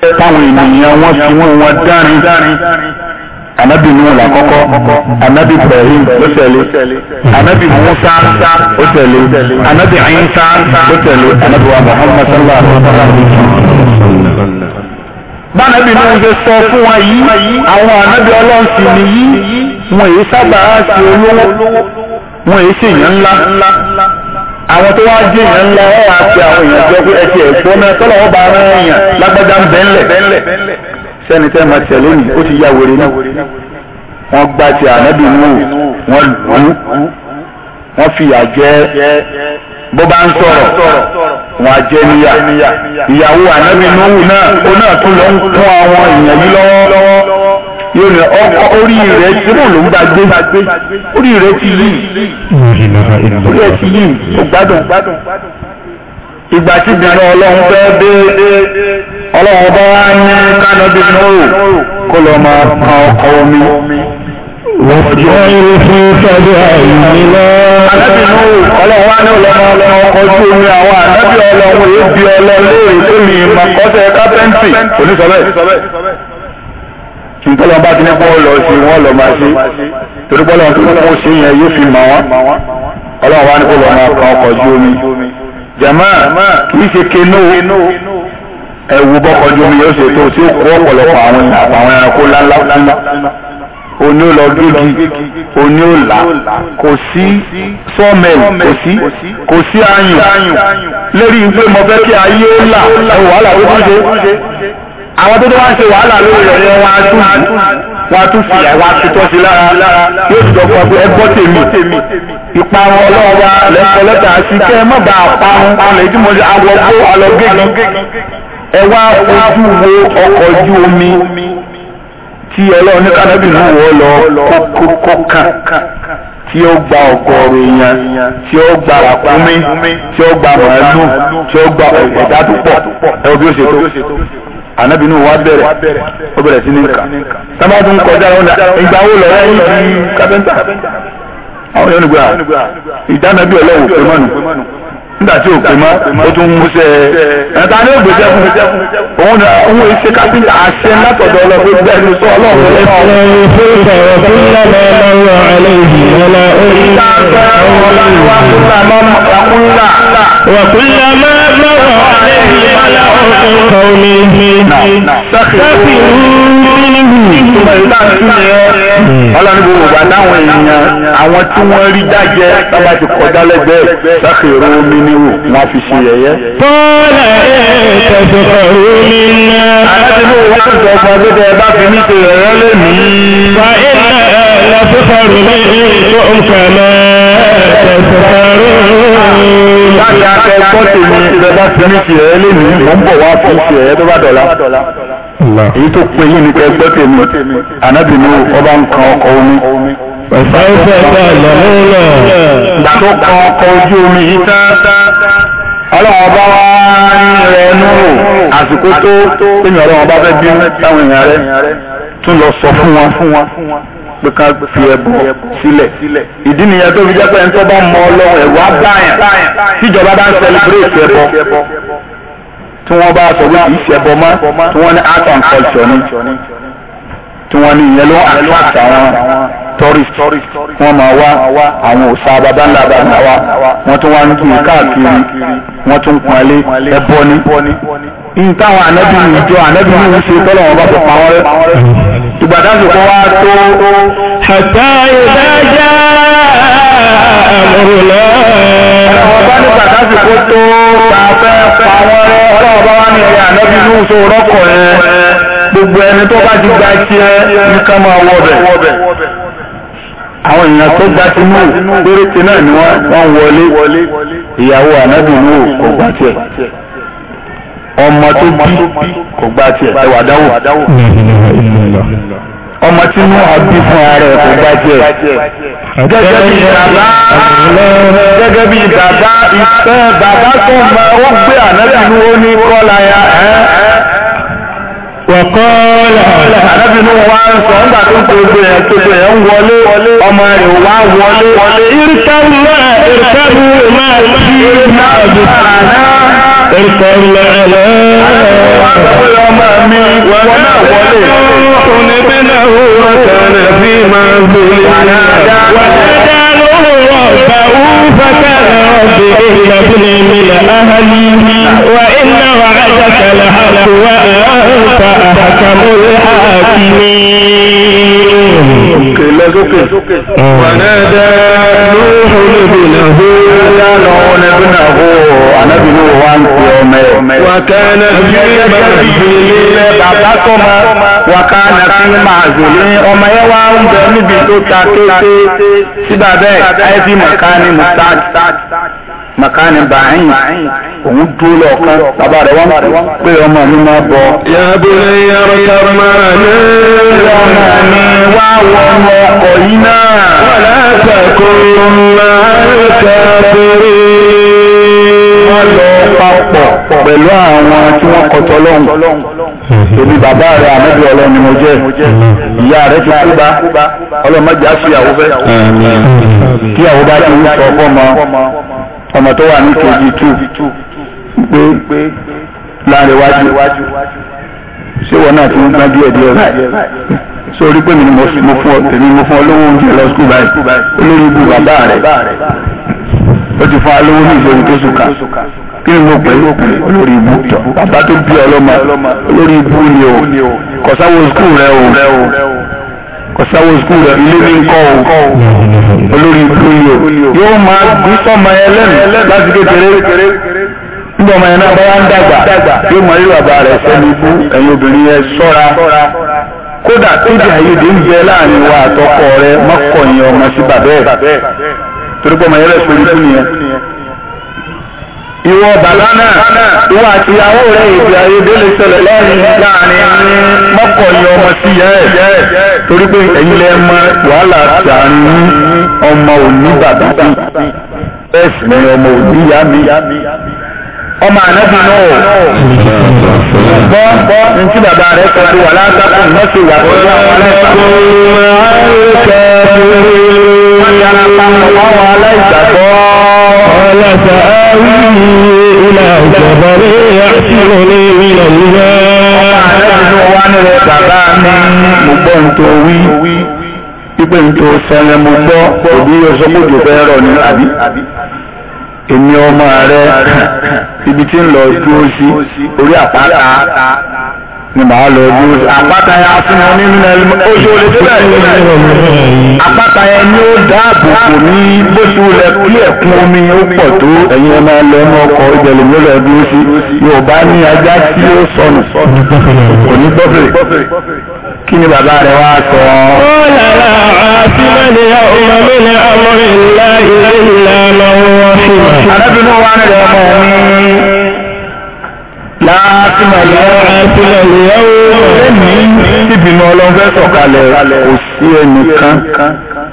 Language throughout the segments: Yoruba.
táwọn ènìyàn wọn fi wọn wọn dárin anabi nuhu la kọ́kọ́ anabi ibrahim ó tẹ̀lé anabi musa ó tẹ̀lé anabi isa ó tẹ̀lé anabi wa muhammad sallallahu alaihi wa sallam. bánabi nuhu ṣe sọ fún wa yìí àwọn anabi ọlọ́run sì nìyí wọn èyí sábà á olówó wọn èyí sì ńlá àwọn tó wá jẹ èèyàn ńlá wọn wá pe àwọn èèyàn jọ pé ẹsẹ ẹgbọn náà tọ́lọ̀ wọn bá rán èèyàn lágbájá ń bẹ́ńlẹ̀ sẹ́ni tẹ́ máa tẹ̀lé nì ó ti yá wèrè náà wọ́n gbá ti ànábì nù wọ́n lù ú wọ́n fìyà jẹ bó bá ń sọ̀rọ̀ wọn á jẹ níyà ìyàwó ànábì nù náà ó náà tún lọ ń kún àwọn èèyàn yìí lọ́wọ́ yóò ní orí rẹ̀ síbò ló ń bá gbé orí rẹ̀ ti yí orí rẹ̀ ti yí kò gbádùn ìgbà tí ìbìnrin ọlọ́run fẹ́ dé ọlọ́run bá wá ní kánọ́bí nóòrò kó lọ máa pa ọkọ̀ omi. Wọ́n fi sọ́dọ̀ àìní lọ. Àlẹ́bí nóòrò ọlọ́run wá ní ọlọ́mọ ọlọ́run ọkọ̀ ojú omi àwọn àlẹ́bí ọlọ́run èébì ọlọ́run lóòrè tó lè mọ̀ kọ́sẹ̀ kápẹ́ǹtì onísọ̀bẹ̀ nítorí wọn bá ti ní kó lọ sí wọn lọ máa sí torí pé ọlọ́run tó ní kó sí yẹn yóò fi mọ̀ wọ́n ọlọ́run wá ní kó lọ máa kan ọkọ̀ ju omi jama kìí ṣe kenú ẹ̀wù bọ́kọ̀ ju omi yóò ṣe tó sí òkú ọ̀pọ̀lọpọ̀ àwọn àtàwọn ẹranko ńláńlá oní ó lọ gígì oní ó là kò sí sọ́ọ̀mẹ̀lì kò sí kò sí ayùn lérí pé mo fẹ́ kí ayé ó là ẹ̀wù wàhálà ó tún àwọn tó tó wá ń ṣe wàhálà lórí rẹ̀ yẹn wá tún wá tún sí àwa tutọ́ sí lára yóò sì dọ̀kọ̀ pé ẹgbọ́ tèmi ìparun ọlọ́ọ̀wá lẹ́kọ̀ọ́ lẹ́tà sí kẹ́ ẹ má bà á parun alẹ́ tí mo ṣe alọ́ gbó alọ́ gégi ẹ wá ojú wo ọkọ̀ ojú omi tí ọlọ́run ní kánábì náà wọ́ lọ kókó kàn tí ó gba ọgọ́rùn èèyàn tí ó gba ràkúnmí tí ó gba màálù tí ó gba ẹ̀dá tó pọ̀ ẹ wo bí ó ṣe tó anabi nu wa bẹ̀rẹ̀ ó bẹ̀rẹ̀ sí ní nǹkan sábà tún kọjá ọ̀nà ìgbà wo lọ́wọ́ yìí di kápẹ́ńtà àwọn yóò nígbà ìdánabi ọlọ́wọ́ pé mọ́nu nígbà tí òpè mọ́ ó tún mú sẹ́ ẹ̀ ta ni fún òun ni òun èyí ṣe kápẹ́ńtà àṣẹ látọ̀dọ̀ ọlọ́run tó bẹ́ẹ̀ sọ ọlọ́run ọlá orí gbogbo ìgbà táwọn èèyàn àwọn tí wọ́n rí dájẹ́ tábà ti kọjá lẹ́gbẹ̀ẹ́ sáfìrò omi ní wò wọ́n fi ṣe yẹ̀yẹ́. bọ́ọ̀lù ẹ̀ẹ́dẹ̀sọ̀kọ̀ omi náà. aláàbí wo wọ́n sọ fún agbẹ́dẹ bá fi mí ṣe yẹ̀yẹ́ lẹ́mìí. fa iná lọ́sọ̀kọ̀ omi tó ń kẹ̀lẹ́ ẹ̀ẹ́dẹ̀sọ̀kọ̀ omi. láti akẹ́kọ̀ọ́ tèmi ìrẹ́ bá fi mí ṣe yẹ̀yẹ́ lẹ́mìí mò ń èyí tó pe yín ni kẹ́ tèmi ànábìínú ọba ń kan ọkọ̀ omi. Ọ̀sáwọ́fẹ́ ẹ̀ta ìlànà ìgbà tó kọ ọkọ̀ ojú omi yìí tán. Ọlọ́run bá wá rẹ̀ núrò àsìkò tó pèmí ọlọ́run bá fẹ́ bínú táwọn èèyàn rẹ̀ tún lọ sọ fún wọn fún wọn pé ká fi ẹbọ sílẹ̀. Ìdí nìyẹn tó fi jẹ́ pé ẹni tó bá mọ ọlọ́run ẹ̀wọ́ á báyàn tíjọba bá ń sẹlẹ̀bírèsì ẹbọ tí wọ́n bá sọ wípé ìṣẹ̀bọ mọ́ tí wọ́n ní art and culture ni tí wọ́n ní ìyẹn ló àtúntà wọn tourist wọ́n máa wá àwọn òòṣà bàbá ńlá wa wọ́n tún wá ń kí káàkiri wọ́n tún pọnlé ẹbọ ní. ní táwọn ànábì ní ìjọ ànábì ní ìṣe tọ́lọ̀ wọn bá fi pa wọ́n rẹ́. ìgbàdá sì kọ́ wá tó. àtà ìdájà àmúrùlọ́. àwọn bá ní bàtà sì kó tó ta fẹ́ pa wọ́n rẹ́ ọlọ́wọ́ bá wá ní ẹ̀yà ànábì ní ìṣe rọ́kọ̀ yẹn gbogbo ẹni tó bá ti gba àwọn èèyàn tó gbá tinú péréte náà ni wọ́n wọlé ìyàwó ànábì kò tiẹ̀ ọmọ tó bí kò gbá tiẹ̀ ẹwà dáwò ọmọ tí mú àbí fún ara ẹ̀ kò gbá tiẹ̀ gẹ́gẹ́ bí bàbá gẹ́gẹ́ bí bàbá ìfẹ́ bàbá tó mọ ó gbé ànábì ó ní kọ́láya ẹ́. wọ̀kọ́ọ̀lá arábìnrin wa ń sọ nígbà tó gbogbo ẹ̀ gbogbo ẹ̀ ń wọlé ọmọ rẹ̀ wá wọlé irikẹ́rùlẹ̀ irikẹ́rù máa sí máa bí sàrànà irikẹ́rùlẹ̀ ẹ̀lẹ́ ọmọ mi wọ́n náà wọlé ọkùnrin bí náà wọ́n tẹ̀lé bí máa gbélé wàdá lóhùn ọ̀bà fẹ́kẹ̀rẹ̀ ọ̀bì ìgbàbílẹ̀ mi lẹ́ ahàlì wa iná wàhálà kẹlẹ̀ hàlù wa ẹ̀ẹ́ta. ìdílé mẹ́rin ìdílé bàbá tó ma wàká nàfi máa zòlé ọmọ yẹn wá ń bẹ níbi tó ta kété síbà bẹ́ẹ̀ àìsí màkánì mùsáàd màkánì bàáyìn òun dúró lọ́ọ̀kan bàbá rẹ̀ wọ́n pé ọmọ mi máa bọ̀. yàbọ̀ yàrá yàrá máa ní. ọmọ mi wá wọ ọmọ ọkọ̀ yìí náà. wọ́n lásàkó máa ń kàfẹ́rẹ́ papọ̀ pẹ̀lú àwọn tí wọ́n kọtọ lọ́hùn èmi bàbá rẹ̀ àmọ́bí ọlọ́run ni mo jẹ́ ìyá rẹ̀ ti kú bá ọlọ́mọdé á fi àwọ̀ fẹ́ kí àwọ̀ bá ti ń sọ fọ́mọ ọmọ tó wà ní kejì tù pé láàrin iwájú ṣé wọn náà ti ń gbá díẹ̀ díẹ̀ báyìí sórí pé mi ni mo fún ọ tèmi mo fún ọ lówó oúnjẹ lọ sukùl báyìí olórí ibu bàbá rẹ̀ ó ti fún alówó ní ìṣòro tó sùn ká kí ni mo pè é olórí ibu bàbá tó bí ọlọ́mọ olórí ibu ni o kọ̀sáwó skul rẹ o kọ̀sáwó skul rẹ ilé ní nkọ́ o olórí ibu ni o yóò máa gbé sọ́mọ ẹlẹ́nu láti kékeré nígbà ọmọ yẹn náà bá wá ń dàgbà yóò mọ irú bàbá rẹ sẹ́ni ibú ẹ̀yin obìnrin yẹn ṣọ́ra kódà tóbi àyèdè ń jẹ láàrin wa àtọkọ rẹ mọ́kànlélọ́mọ sí bàbá ẹ̀ torí pé ọmọ yẹn rẹ̀ sórí ibú nìyẹn ìwọ bàbáná ìwọ àti ìyàwó rẹ èdè àìyedè lè ṣẹlẹ̀ lẹ́yìn láàrin ní mọ́kànlá ọmọ sí yẹ ẹ̀ torí pé ẹ̀yin lẹ́ mọ wàhálà àtàrin ọmọ òní bàbá sí bẹ́ẹ̀ sì ni ọmọ òní yá mi ọmọ ànábì náà gbọ́ gbọ́ ntí bàbá rẹ̀ sọ pé wàhálà àtàkùn náà ṣe wà pẹ̀lú àwọn aláìsàn. wọ́n yára pa àwọn aláìsàn gbọ́. قال سآوي إلى جبل يحسنني من الماء Ipe n tó sẹ́lẹ̀ mo gbọ́, òbí ọ̀sọ́gbòjò fẹ́ rọ̀ ní àbí. Èmi ọmọ rẹ̀, ibi tí ń lọ dúró sí orí àpáta ni màá lọ ojú àpáta yẹn asúnmọ nínú ẹlẹmọ ojú olè débẹ̀ àpáta yẹn ni ó dáàbò kò ní bóṣù rẹ kí ẹ̀kún omi ó pọ̀ tó ẹ̀yin ẹ máa lọ ẹnu ọkọ̀ ìbẹ̀lẹ̀ ló lọ dúró sí Yorùbá ní ajá tí ó sọnù kò ní gbọ́fẹ̀rẹ̀ kí ni bàbá rẹ wá sọ. ó lára àtìmọ́lẹ̀ ọmọ mi ní amọ̀ ìlà ìlànà wọn. arábìnrin wa rẹ̀ ọmọ láàtìmà lẹ́yìn ìbínú ọlọ́fẹ́ sọ̀kalẹ̀ kò sí ẹnìkan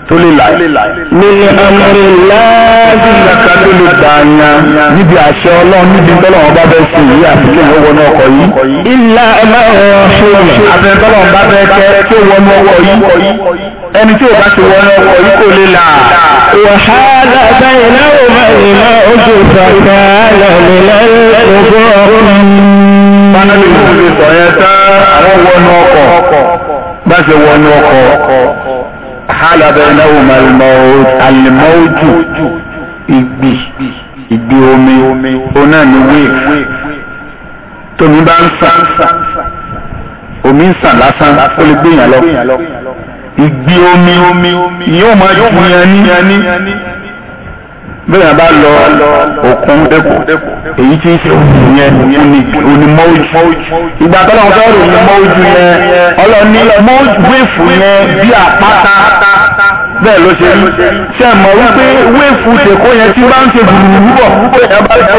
tó lè láì. nílẹ̀ amúrí láàbí ìlàkà tó lè dààyàn níbi àṣẹ ọlọ́run níbi tọ́lọ́run bá bẹ́ẹ̀ sí yìí àti kí wọ́n wọnú ọkọ̀ yìí. ìlà ẹ̀ máa ń rọ̀ ṣe àtẹ̀tọ́lọ́run bá bẹ́ẹ̀ kẹ́ kí wọ́n wọnú ọkọ̀ yìí ẹni tí ò bá ti wọ́n ọkọ̀ yìí kò lè là. wàhálà báyìí náà ò máa ń mọ ojú ìfàkà lọ́lẹ̀ lẹ́yìn ogún ọkùnrin. pánálì kò lè sọ yẹn tán àwọn wọnú ọkọ̀ bá ṣe wọnú ọkọ̀ wàhálà báyìí ò máa ń mọ àlìmọ́ọ́jù ìgbì ìgbì omi òun ni wíìfù tómi bá ń sàn omi ń sàn lásán ó lè gbìyàn lọ ìgbé omi yóò máa jù yẹn ní bẹ́ẹ̀ bá lọ òkun èyí tí ń ṣe òkun yẹn onímọ̀ọ́jú ìgbà tó lọ́wọ́ fẹ́ẹ́ ròyìn mọ́ọ́jú yẹn ọlọ́ni wéèfù yẹn bí àpáta bẹ́ẹ̀ ló ṣe rí ṣe mọ̀ wípé wéèfù tèkó yẹn tí bá ń ṣe gbùgbùgbùbọ̀ ẹ bá tó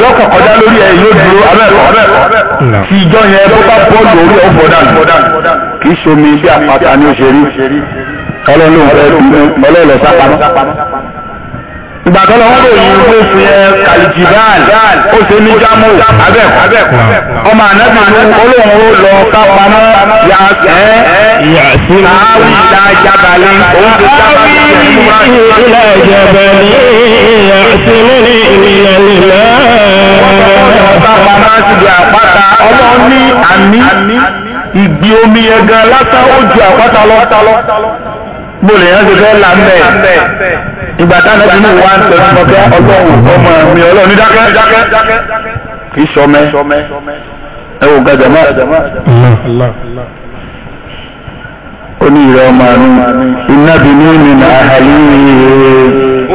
yọ kọ̀kọ́dá lórí ẹ̀ yóò dúró abẹ́rẹ́ tí ìjọ yẹn bó bá bọ́ọ̀lù orí ọ̀fọ̀ dànù kì ìgbà tó lọ wọn bò yìí ló fi ẹ eh, kàlìjìbáàlì ó ṣe ní jámù abẹ́kù ọmọ ànábì ní olóhùn ó lọ kápamọ́ yà ẹ́ eh, àáwì ìlà jábàlì òun ti jábàlì ìlà jábàlì àṣìlẹ́lì ìlànà ìlà. kápamọ́ ti di àpáta ọlọ́ọ̀ni àmì ìgbì omi ẹ̀gàn lásán ó ju àpáta lọ mo lè yàn ṣe fẹ́ là ń bẹ̀. ìgbà táwọn ẹbí mi wá ń pẹ́ fún ọkẹ́ ọlọ́run ọmọ mi ọlọ́run nídákẹ́ kì í sọmẹ ẹ wò gàjà mọ́. ó ní ìrẹ́ ọmọ mi iná bí mi nà àhàlí.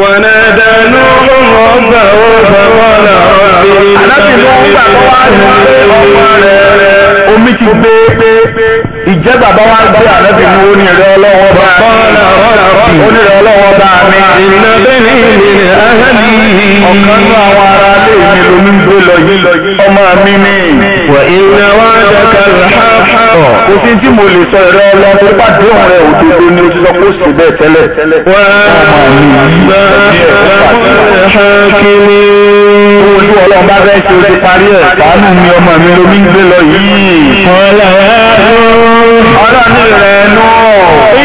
wọn ẹ dẹnu ọgbà ó bàbá náà ọ̀bí. alábìlú ọgbà tó wá ní ọmọ rẹ omi ti gbé ìjẹ́ bàbá wa gbé àlẹ́ bí ní ẹ̀rọ ọlọ́wọ́ bá mi. Iná bẹ́ẹ̀ ni ilẹ̀ ahẹ́lì. Ọ̀kan nú àwọn ará ilé mi lómi gbé lọ yìí ọmọ mi ni. Wà iná wá dẹ́ka lọ́pọ̀. Kò sí tí mo lè sọ ìrẹ́ ọlọ́run tó bá òun rẹ̀ òdodo ni o sọ pé ó sì bẹ́ẹ̀ tẹ́lẹ̀. Wà Olú ọlọ́run bá fẹ́ ṣe o parí ẹ̀. Sàánú mi ọmọ mi lómi gbé lọ yìí. ọlọ́run rẹ̀ nù.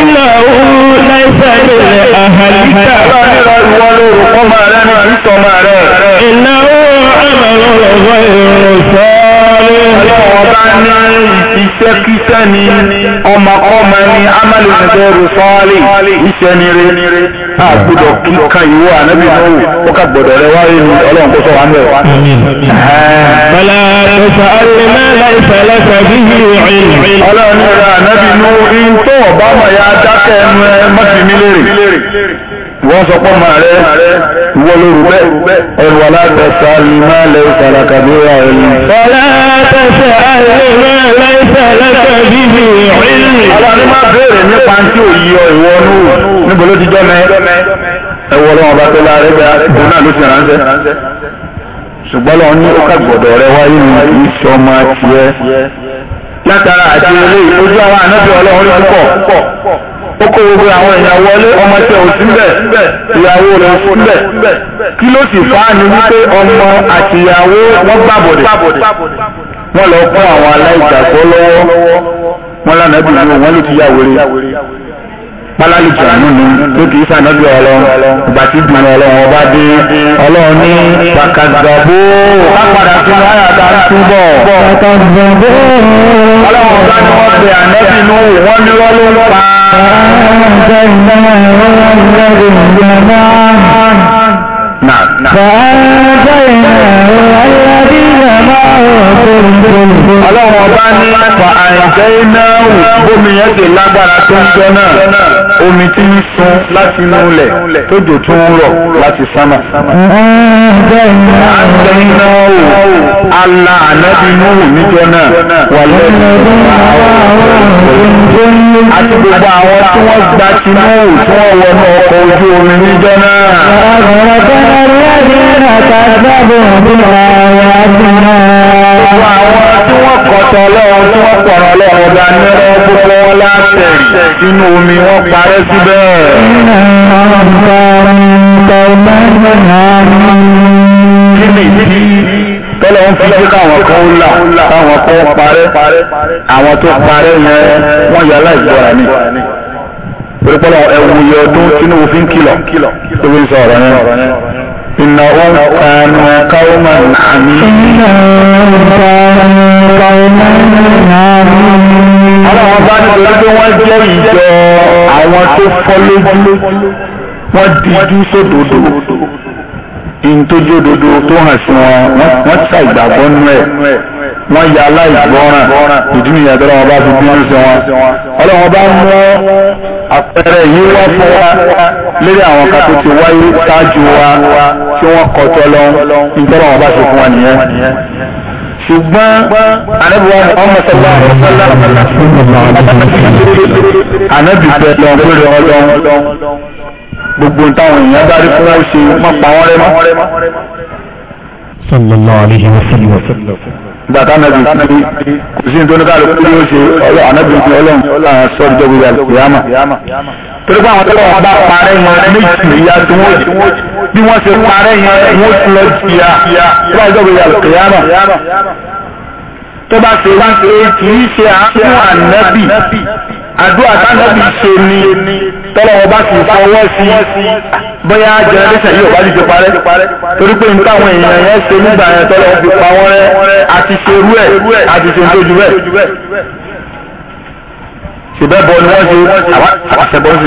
Iná òun láìsẹ̀ ilẹ̀ àhà bẹ́ẹ̀. ọlọ́run ní ìrọ̀ ìwọ ló rò pọ́ máa rẹ́ ní ìtọ́ máa rẹ̀. ìnáwó àmàlọ́ lọ́wọ́ ìrùn sọ́ọ́lé. ọlọ́run ọba ní iṣẹ́ kíṣẹ́ ni ọmọkọ́mọ ni amálù nìjẹ́rù sọ́ọ́lé iṣẹ́ ni re. a gbọ́dọ̀ kíkan ìwọ ànábì náà ó ká gbọ́dọ̀ rẹ wáyé ni ọlọ́run kó sọ wá mẹ́ wa. bala tẹ̀sán alimẹ́lá ìfẹ́lẹ́sẹ̀ bí yìí rìn. ọlọ́run ní ìrọ̀ ànábì náà ń tó ọ̀bá mọ̀ ya dákẹ́ ẹnu ẹ mọ́tì mi lérè. wọ́n sọ pọ́ máa rẹ̀ ìwọ lóru bẹ́ ẹnu alátẹ̀sà ìmá lẹ́sà ọhụrụ. ẹ̀lú. alátẹ̀sà ìmá lẹ́sà ẹ̀lú. awa n'i ma nípa tí ò ọ ìwọ níbo ló ti lọ́wọ́ bá tó láàrẹ́ náà ló ti ránṣẹ́. ṣùgbọ́n lọ́wọ́ ní ó kàgbọ̀dọ̀ rẹ wáyé ní látara àti àwọn ó kó gbogbo àwọn èèyàn wọlé ọmọ tẹ ò síbẹ̀ ìyàwó rẹ̀ ò síbẹ̀ kí ló sì fà á ní wípé ọmọ àtìyàwó wọ́n gbàbọ̀dẹ̀ wọ́n lọ fún àwọn aláìgbàgbọ́ lọ́wọ́ wọn lánàá bìnrin wọn ló ti yà wèrè pálálì jẹ̀mú ni ló kì í sànàbí ọlọ́run ìgbà tí ìgbìmọ̀ ọlọ́run ọba dé ọlọ́run ní pàkàgbàbó lápàdà tí wọ́n yà dá ń túbọ̀. pàkàgbàbó ọlọ́run ọba ni wọ́n pe ànẹ́bí inú wọn ní wọ́n ló ń pa. Ọlọ́run ọba ní fa àìjẹ́ iná omi yẹn dè lágbára tó ń jẹ́ náà, omi tí ń sun láti inú ilẹ̀ tó jò tó ń rọ̀ láti sánmà. Àìjẹ́ iná o, ala ànábi Núhù níjọ náà wà lẹ́nu. Àti gbogbo àwọn tí wọ́n gba ti Núhù tí wọ́n wọnú ọkọ̀ ojú omi níjọ náà. الذين كذبوا بآياتنا Àwọn tí wọ́n kọ̀tọ̀ lọ́wọ́ tí wọ́n pọ̀rọ̀ lọ́wọ́ bá ní ọgbọ́n wọn láti sínú omi wọ́n parẹ́ síbẹ̀. Kí ni ìdí tọ́lọ̀ ń fi jẹ́ káwọn kan là káwọn kan parẹ́ àwọn tó parẹ́ yẹn wọ́n yà láìgbọ́ra ni. Pẹ̀lú pọ́lọ̀ ẹ̀wù yẹ ọdún Tinubu fi ń kìlọ̀ tó fi ń sọ ọ̀rọ̀ yẹn. إنهم كانوا قوما عمين Ọlọ́run bá ní ọlọ́dún wọ́n jẹ́ ìjọ àwọn tó tó hàn sí wọn, wọ́n ṣàìgbàgbọ́ nú ẹ̀ wọ́n ya aláìgbọ́ràn ìdí nìyẹn tó lọ́wọ́ bá fi bínú sí wọn ọlọ́wọ́ bá mú àpẹẹrẹ yìí wá fún wa lórí àwọn kan tó ti wáyé ṣáájú wa tí wọ́n kọ́ tọ́lọ́ nítorí wọn bá ṣe fún wa nìyẹn ṣùgbọ́n anábìwá Muhammad sallallahu alaihi wasallam anábì bẹ̀rẹ̀ lọ́npẹ̀rẹ̀ ọlọ́n gbogbo táwọn èèyàn bá rí fún wọn ṣe mọ́ pa rẹ́ mọ́. sallallahu alaihi wasallam gbàtà nabi, kúndé kùsì tó ní kálukú yóò ṣe ọlọ ànábì ní ọlọ́run sọ̀rọ̀ jọgbó yàrá kìyàmà. torípé àwọn tọ́lọ̀ ọba parẹ́ yẹn méjì ìyá tí wọ́n jì bí wọ́n ṣe parẹ́ yẹn wọ́n ti lọ jìyà sọ̀rọ̀ jọgbó yàrá kìyàmà. tó kì í ṣe àánú ànábì àdúrà tánábì ṣe ni tọ́lọ́wọ́ bá sì fọwọ́ sí bóyá jẹnẹrẹsẹ̀ yìí ò bá dìde parẹ́ torí pé n táwọn èèyàn yẹn ṣe nígbà yẹn tọ́lọ́wọ́ fi pa wọ́n rẹ́ àti ṣe irú ẹ̀ àti ṣe ojú bẹ́ẹ̀ ṣùgbọ́n bọ́ ni wọ́n ṣe àṣẹbọ́ sí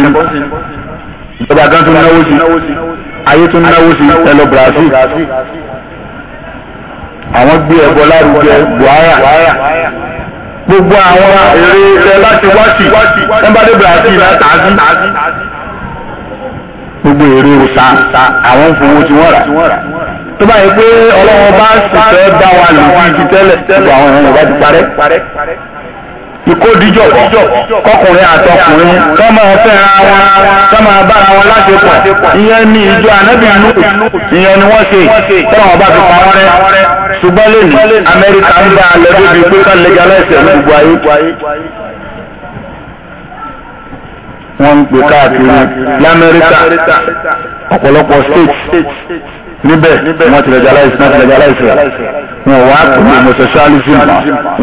ìjọba gan tún náwó sí ayé tún náwó sí ẹlọ Brazil àwọn gbé ẹbọ lárugẹ Buhari gbogbo àwọn èrè tẹ láti wáṣì nọ́mbàdé Brazil náà tààzí gbogbo èrè òta àwọn ń fowó tí wọ́n rà tó bá yẹ pé ọlọ́wọ́ bá sì fẹ́ bá wa lò sí ti tẹ́lẹ̀ gbogbo àwọn èèyàn bá ti parẹ́ ìkódìjọ kọkùnrin àtọkùnrin kọmọ fẹ́ra wọn kọmọ bára wọn láṣepọ̀ ìyẹn ní ìjọ ànábì nù ìyẹn ni wọ́n ṣe tọwọn bá fi pa wọn rẹ́ lẹni Amẹ́ríkà ń bá a lọ pé ká legalize ẹ gbogbo ayé wọ́n ń pè káàkiri l'Amẹ́ríkà ọ̀pọ̀lọpọ̀ state níbẹ̀ wọ́n ti legalize náà ti legalize rẹ̀ wọ́n pè ní homosexualism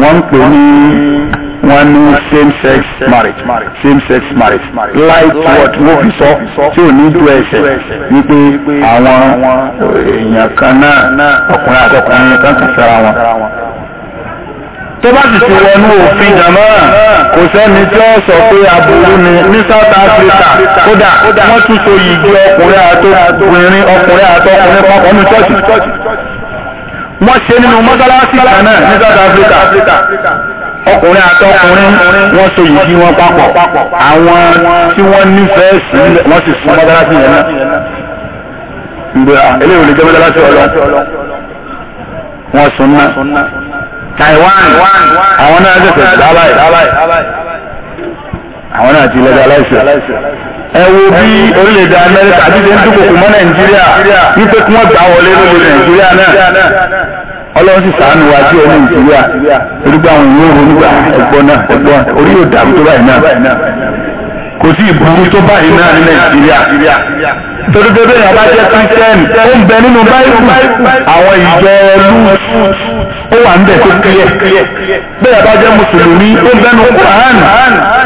wọ́n ń pè ní wọ́n ní same sex marriage same sex marriage Like what wọ́n fi sọ tí ò ní ju ẹsẹ̀ wípé àwọn èèyàn kan náà ọkùnrin àtọkùnrin kan ti fẹ́ra wọn tó bá sì ti wọnú òfin jàmá kò sẹ́ni tí ó sọ pé aburú ni ní South Africa kódà wọ́n tún so yìí ọkùnrin àtọkùnrin ọkùnrin àtọkùnrin papọ̀ ní ṣọ́ọ̀ṣì wọ́n ṣe nínú mọ́sálásí kan náà ní South Africa ọkùnrin àtọkùnrin wọ́n so yìí kí wọ́n papọ̀ àwọn tí wọ́n nífẹ̀ẹ́ sí wọ́n sì fún mọ́tàlásì yẹn náà ǹgbẹ́ eléyìí ò lè jẹ́ mọ́tàlásì ọlọ́ wọ́n sún náà Taiwan àwọn náà ṣẹ̀ṣẹ̀ dábàá àwọn náà ti lẹ́gbẹ̀ẹ́ aláìsẹ̀ ẹ wo bí orílẹ̀-èdè Amẹ́ríkà ti ṣe ń dúnkòkò mọ́ Nàìjíríà wípé kí wọ́n gbà wọlé lórí Nàìjíríà náà ọlọ́run sì sàánú wa sí ẹni nàìjíríà orúkọ àwọn ìwé òun nígbà ẹ̀gbọ́n náà ẹ̀gbọ́n orí yóò dàrú tó báyìí náà kò sí ìburú tó báyìí náà ní nàìjíríà torí pé bẹ́ẹ̀ yàrá jẹ́ kírísítẹ́nì ó ń bẹ nínú báyìí àwọn ìjọ ọlú ó wà ń bẹ̀ tó kílẹ̀ bẹ́ẹ̀ yàrá jẹ́ mùsùlùmí ó ń bẹ́nu kùránì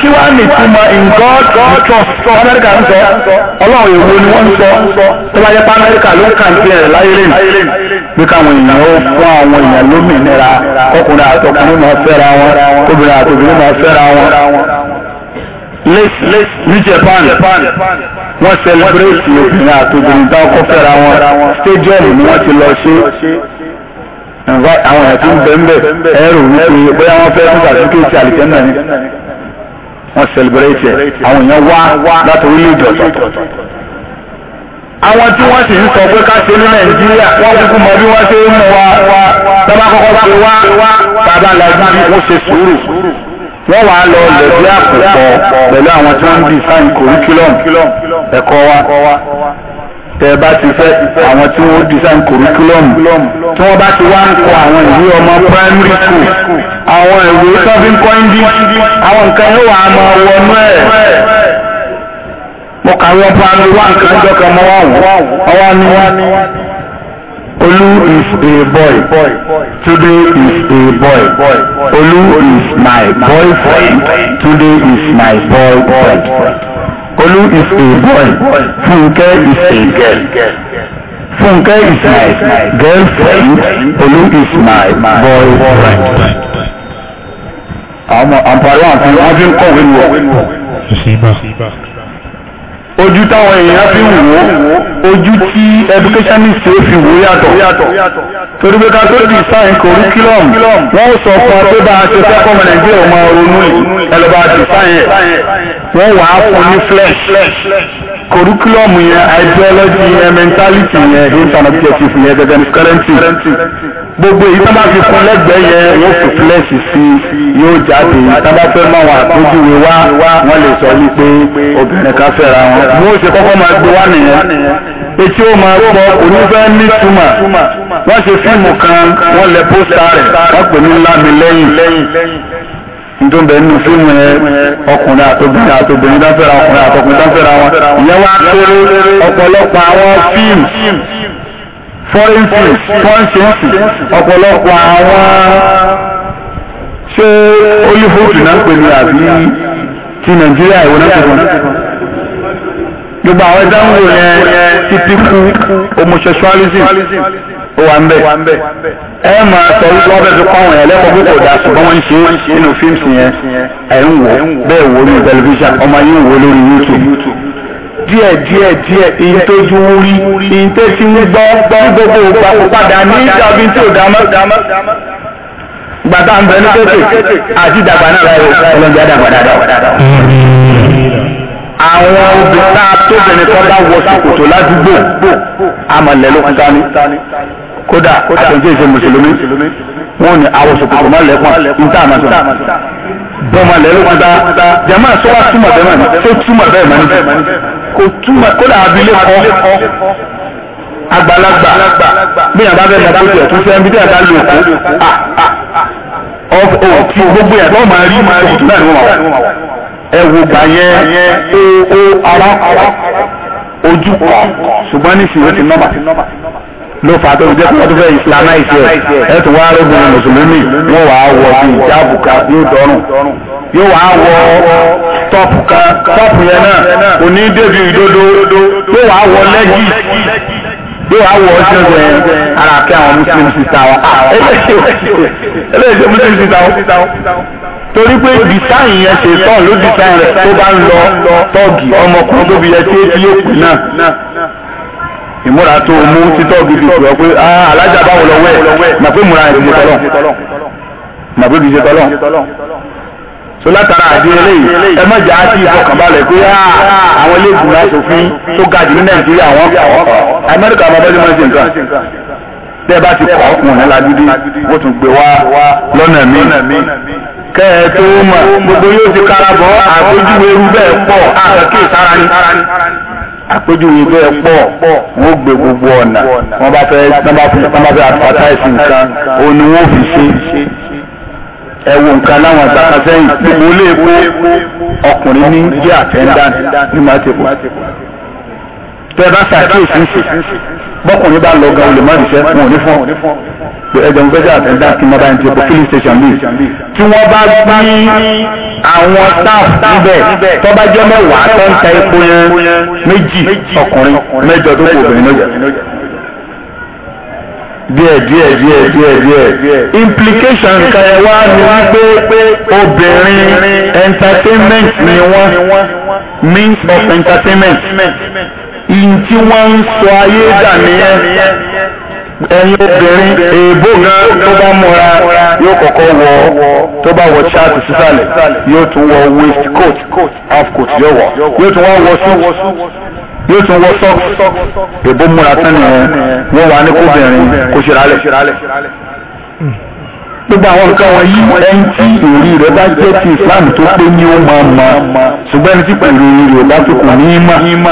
kí wàá ní ìtumọ̀ in God we trust amẹ́ríkà ń sọ ọlọ́run èwo ni wọ́n ń sọ tó bá yẹ pé amẹ́ríkà ló ń kàǹtì ẹ̀ láyé lẹ́nu pé káwọn èèyàn ó fún àwọn èèyàn lómìnira kọkùnrin àtọkùnrin máa fẹ́ra wọn kóbìnrin àtòbìnrin máa fẹ́ra wọn ní Japan wọ́n sẹlẹ̀bírẹ́tì obìnrin àtòbìnrin tá ọkọ fẹ́ra wọn stadium ni wọ́n ti lọ ṣe àwọn ẹ̀tún bẹ́ẹ̀ ẹ̀rù wípé bóyá wọ́n fẹ́ fún sàtúnkèsì àlìkẹ́ńdà ni wọ́n sẹlẹ̀bírẹ́tì ẹ̀ àwọn èèyàn wá láti orílẹ̀-èdè ọ̀tọ̀ọ̀tọ̀ àwọn tí wọ́n sì ń sọ pé ká ṣe ní Nàìjíríà wọ́n kúkú mọ bí wọ́n ṣe ń mú wa tọ́ba kọ́kọ́ ṣe wá tàbá làjú wọ́n ṣe sùúrù wọ́n wàá lọ lẹ̀dí àpòpọ̀ pẹ̀lú àwọn tí wọ́n ń design curriculum ẹ̀kọ́ wa tẹ́ bá ti fẹ́ àwọn tí wọ́n design curriculum tí wọ́n bá ti wá ń kọ àwọn ìwé ọmọ primary school àwọn ìwé sọ́fín kọ́ńdí àwọn nǹkan yóò wà á mọ wọnú ẹ̀ mo kàwé primary one kan jọ́ kan mọ́ ọwọ́ ni wọ́n. Olu is a boy. Today is a boy. Olu is my boyfriend. Today is my boyfriend. Olu is a boy. Funke is a girl. Funke is my girlfriend. Olu is my boyfriend. Àwọn àǹfààní wọn àti wọn fi ń kọ̀wé nù ọ ojú táwọn èèyàn fi wò ó ojú tí educationist ó fi wò yàtọ̀ torí pé ká tó di sáyìn curriculum wọ́n sọ fún ọ pé bá a ṣe fẹ́ kọ́mọ nàìjíríà ọmọ ronú ẹ̀ lọ́ba àti sáyìn wọ́n wàá fún ní flesh curriculum yẹn e ideology yẹn e mentality yẹn hinton objective yẹn gẹ́gẹ́ ní currency gbogbo èyí sábà fi fún lẹ́gbẹ̀ẹ́ yẹn wọ́n fi fúlẹ́ẹ̀sì sí yóò jáde sábà fẹ́ mọ àwọn àpéjúwe wá wọ́n lè sọ wípé obìnrin kan fẹ́ra wọn. mo ṣe kọ́kọ́ máa gbé wá nìyẹn etí ó máa gbọ́ onífẹ́ ní túmọ̀ wọ́n ṣe fíìmù kan wọ́n lẹ̀ pósítà rẹ̀ wọ́n pè ní lámìlẹ́yìn nítorí bẹ́ẹ̀ nínú fíìmù yẹn ọkùnrin àtòbìnrin àtòbìnrin dáfẹ́ra ọkùnrin àtọkùnrin dáfẹ́ra wọn ìyẹn wá kéré ọ̀pọ̀lọpọ̀ àwọn fíìmù foreign film foreign film ọ̀pọ̀lọpọ̀ àwọn ṣé Hollywood náà pè ní àbí ti Nàìjíríà ìwọ náà pè ní gbogbo àwọn ẹ̀dá ń wò yẹn títí kú homosexualism ó wà ń bẹ̀. ẹ máa sọ wípé wọ́n fẹ́ fi kọ́ àwọn ẹlẹ́kọ̀ọ́ púpọ̀ dà ṣùgbọ́n wọ́n ń ṣe nínú fíìmù yẹn ẹ̀ ń wò bẹ́ẹ̀ wò ní tẹlifíṣàn ọmọ yìí ń wò lórí YouTube díẹ̀ díẹ̀ díẹ̀ iye tó ju wúrí iye tó ti ń gbọ́ gbọ́ gbogbo ìpapòpadà ní ìjọba tí ò dámọ́ gbàtà ń bẹ ní kéèké àti ìdàgbà náà láyé ọlọ́jà dàgbà dáadáa. àwọn obìnrin náà tóbi nìkan bá wọ ṣòkòtò ládùúgbò àmọ̀lẹ́ ló ń sani kódà àtẹnjẹ ìṣe mùsùlùmí wọn ni àwọn sòkòtò máa lẹkùn ní tá a máa sọ bọ́n máa lẹ́rú gbá jama sọ́wọ́ túmọ̀ bẹ́ẹ̀ mọ̀ tó túmọ̀ bẹ́ẹ̀ mọ̀ níbi kò túmọ̀ kódà abilé kọ́ àgbàlagbà bí yàrá bẹ́ẹ̀ mọ̀ kó tiẹ̀ tún fẹ́ bí díẹ̀ bá lò ó òtún gbogbo yàrá wọn máa rí òtún náà ni wọn máa wọ ẹwù gbà yẹn ó ara ojú kọ ṣùgbọ́n nísìnyí ó ti nọ́mà ló fà á tó fi jẹ́ pé wọ́n tó fẹ́ islamize ẹ̀ ẹ̀ tó wá arábìnrin mùsùlùmí wọ́n wàá wọ bí ìjáàbù ká yóò dọ́rùn yóò wàá wọ tọ́pù kan tọ́pù yẹn náà kò ní débi ìdodo yóò wàá wọ lẹ́gì yóò wá wọ ọjọ́ ẹ ara kí àwọn muslim sita wa ah, eléyìí muslim sita wa torí pé design yẹn ṣe tán ló design rẹ tó bá ń lọ tọ́ọ̀gì ọmọkùnrin tóbi yẹn tí ó ti yóò pè náà ìmúra tó mú títọ́ gidi sọ pé ah, alájà báwo lọ wẹ̀ mà pé múra ẹ̀ ti ṣe tọ́lọ̀ mà pé kì í tọ́lọ̀ so látara àdé eléyìí ẹ má jà á sí ìfọkànbalẹ̀ pé ah, àwọn iléegun aṣòfin tó ga jù ní nàìjíríà wọn amẹ́ríkà máa bẹ́ẹ̀ máa ṣe nǹkan tẹ́ ẹ bá ti kọ́ ọkùnrin lágídí wọ́n tún gbé wá lọ́nà míì kẹ́ ẹ tó mọ̀ gbogbo yóò ti karabọ̀ àgbójúwe irú bẹ́ẹ̀ pọ̀ àkàkẹ́ ìsara ni àpéjúwe bẹ́ẹ̀ pọ̀ wọ́n gbé gbogbo ọ̀nà wọ́n bá fẹ́ wọ́n bá fẹ́ àpátáìsì nǹkan òun ni wọ́n fi ṣe ẹ̀wù nǹkan láwọn àgbàkan sẹ́yìn gbogbo ilé epo ọkùnrin ní jẹ́ àtẹ́ńdá ní màtẹ́kù tẹ́ bá ṣàkíyèsí ṣe bọ́kùnrin bá lọ gan olè má ríṣẹ́ wọn ò ní fún ẹjọ́ gbẹ́jọ́ àtẹ̀dá kí wọ́n bá ń ti epo filling station ní tí wọ́n bá gbí àwọn staff níbẹ̀ tó bá jẹ́ mẹ́wàá tó ń ta epo yẹn méjì ọkùnrin mẹ́jọ tó kù obìnrin mẹ́jọ díẹ̀ díẹ̀ díẹ̀ díẹ̀ díẹ̀ implication kan ẹ wá ní wípé obìnrin entertainment ni wọ́n means of entertainment ìyìn tí wọ́n ń sọ ayé dà nìyẹn ẹ̀yin obìnrin èèbó gan tó bá múra yóò kọ́kọ́ wọ tó bá wọ ṣáàtì sísàlẹ̀ yóò tún wọ waist coat half coat yóò wọ yóò tún wọ wọ suit yóò tún wọ sọ èbó múra tán nìyẹn wọn wà ní kóbìnrin kó ṣeralẹ. gbogbo àwọn nǹkan wọn ẹni tí ìrírí rẹ bá jẹ́ ti Islam tó pé ní ó máa ma ṣùgbọ́n ẹni tí pẹ̀lú ìrírí rẹ bá tó kù ní í mà.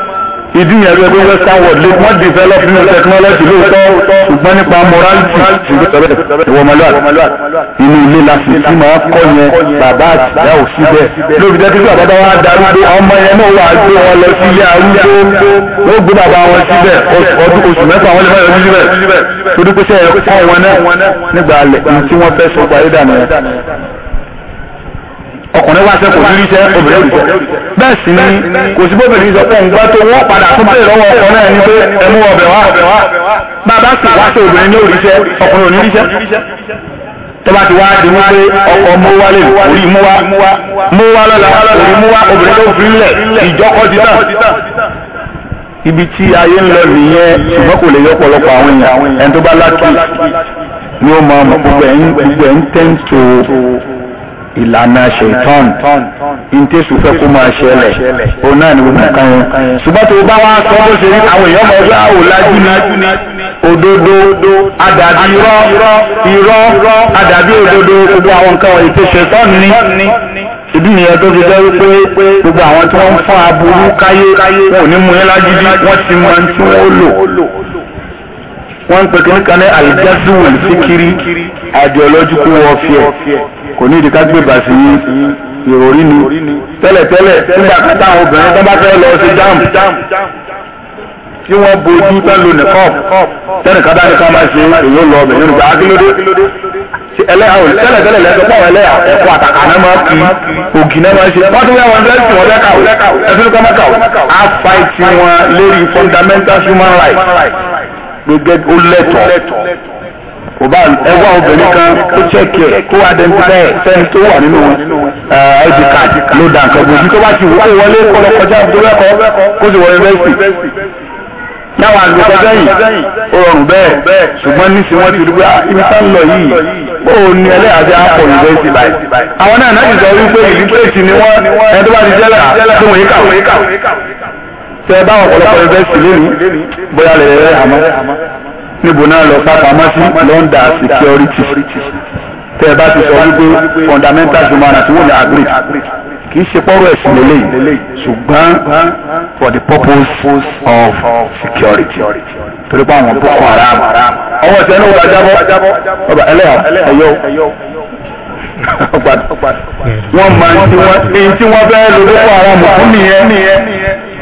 ìdí yẹn ló gbé western world lé wọ́n develop new technology lóòótọ́ ṣùgbọ́n nípa morality ìwọ̀mọlúwà inú ilé la sì sí máa kọ́ yẹn bàbá àtìyá ò sí bẹ́ẹ̀ lóbi jẹ́ kíkọ́ bàbá wa darúgbó ọmọ yẹn náà wà gbé wọn lọ sí ilé arúgbó ó gbé bàbá wọn síbẹ̀ ọdún oṣù mẹ́fà wọn lè má yọjú síbẹ̀ torí pé sẹ́yìn kọ́ wọn náà nígbà alẹ́ tí wọ́n fẹ́ sọ parí dànù yẹn ọkùnrin wá sẹ́kọ̀ọ́ ní ríṣẹ́ obìnrin ríṣẹ́ bẹ́ẹ̀ sì ni kò sí bóbìnrin sọ pé nǹkan tó wọ́n padà tó bẹ́ẹ̀ lọ́wọ́ ọkọ náà ni pé ẹ mú ọbẹ̀ wá bàbá sì wá sí obìnrin ní òríṣẹ́ ọkùnrin òní ríṣẹ́ tó bá ti wá di wípé ọkọ mú wá lè orí mú wá mú wá lọ́la orí mú wá obìnrin tó fi lẹ̀ ìjọkọ̀ ti tàn ibi tí ayé ń lọ nìyẹn ṣùgbọ́n kò lè yọ ọ̀pọ̀lọpọ̀ àwọn èèyàn ẹni tó bá lákì ni ó máa gbogbo ẹ̀ ń gbogbo ẹ̀ ń tẹ́ ń tó ìlànà ṣètọ́n ntẹ́sù fẹ́ kó máa ṣẹlẹ̀ òun náà ni gbogbo nǹkan yẹn ṣùgbọ́n tó bá wá sọ bó ṣe ní àwọn èèyàn mọ̀ ọgbà òlájú ní òdodo àdàbí irọ́ irọ́ àdàbí òdodo gbogbo àwọn nǹkan wọ̀nyí tó ṣètọ́n ní ìdí nìyẹn tó ti jẹ́ wípé gbogbo àwọn tí wọ́n ń fún aburú káyé wọn ò ní mú yín lájú bí wọ́n ti mọ ohun tí wọ́n lò wọ́n ń pè kí nìkan ní fikiri ideological warfare kò ní ìdíkà gbé bàtí ìròrí ni tẹ́lẹ̀tẹ́lẹ̀ nígbà kan táwọn obìnrin tó bá fẹ́ lọ sí jam tí wọ́n bojú tẹ́lu nìkan tẹ́nìkan bá nìkan máa ṣe èyí lọ ọbẹ̀ nínú gbàgbé lóde tẹ́lẹ̀tẹ́lẹ̀ lẹ́sọ̀ pọ̀ ẹlẹ́yà ẹ̀kọ́ àtàkà náà máa kì í ògì náà máa ṣe wọ́n ti wá wọn fẹ́ sùn ọ̀dẹ́ kàwé kọ́mọ́kàwé á fa wọn lórí fundamental human rights gẹ́gẹ́ ó lẹ́tọ̀ọ́ òbá ẹwà obìnrin kan tó ṣẹ̀kẹ̀ tó identify fẹ́ni tó wà nínú eh, id card ló dà nǹkan gbòógì tó bá ti wá ìwọlé kọlọkọjá tó lẹ́kọ̀ọ́ kó sì wọlé lẹ́sì náwó àlùkò sẹ́yìn ó rọrùn bẹ́ẹ̀ ṣùgbọ́n níṣẹ́ wọ́n ti dúpẹ́ ah, ibi tá ń lọ yìí ó ní ẹlẹ́yàjẹ́ àpọ̀ yunifásitì báyìí. àwọn náà náà ti sọ wípé ìlú pèsè ni wọ́n ẹni tó bá ti jẹ́lẹ̀ tó wọ́n yíkà tẹ báwọn ọ̀pọ̀lọpọ̀ ẹgbẹ́ sì lónìí bóyá lè rẹ̀ àmọ́ níbo náà lọ pápámọ́ sí London security tẹ bá ti sọ wípé fundamental human rights wọ́n ní agric kì í ṣe pọ́rọ̀ ẹ̀sìn lélẹ̀ ṣùgbọ́n for the purpose of security torí pé àwọn Boko Haram ọwọ́ tẹ ní ọgbà jábọ́ ọgbà ẹlẹ́yà ẹ̀yọ́ wọ́n máa ń tí wọ́n fẹ́ lo Boko Haram fún nìyẹn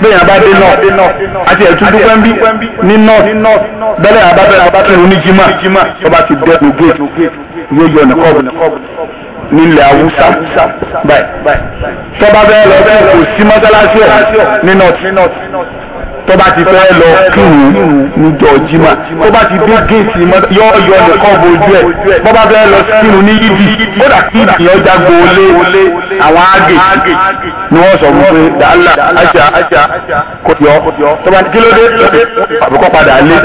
bẹ́ẹ̀ abá dé náà àti ẹ̀tún dúpẹ́ ń bí ní náà bẹ́ẹ̀ abá bẹ́ẹ̀ kí ní jimá ọba ti dẹ́ nu gate yóò yọ ní kọ́ọ̀bù nílẹ̀ awúsá báyìí tọ́ba bẹ́ẹ̀ lọ bẹ́ẹ̀ kò sí mọ́sálásí ọ̀ ní north tó bá ti fẹ́ lọ kírun níjọ́ jimá tó bá ti dé géètì yọ yọ nìkan bojú ẹ̀ bó bá fẹ́ lọ kírun ní yídì kódà kí ìyàn jágbo lé àwọn ágè ni wọ́n sọ fún pé dàálà àjà kò yọ tó bá ti kí ló dé àbíkọ́ padà lé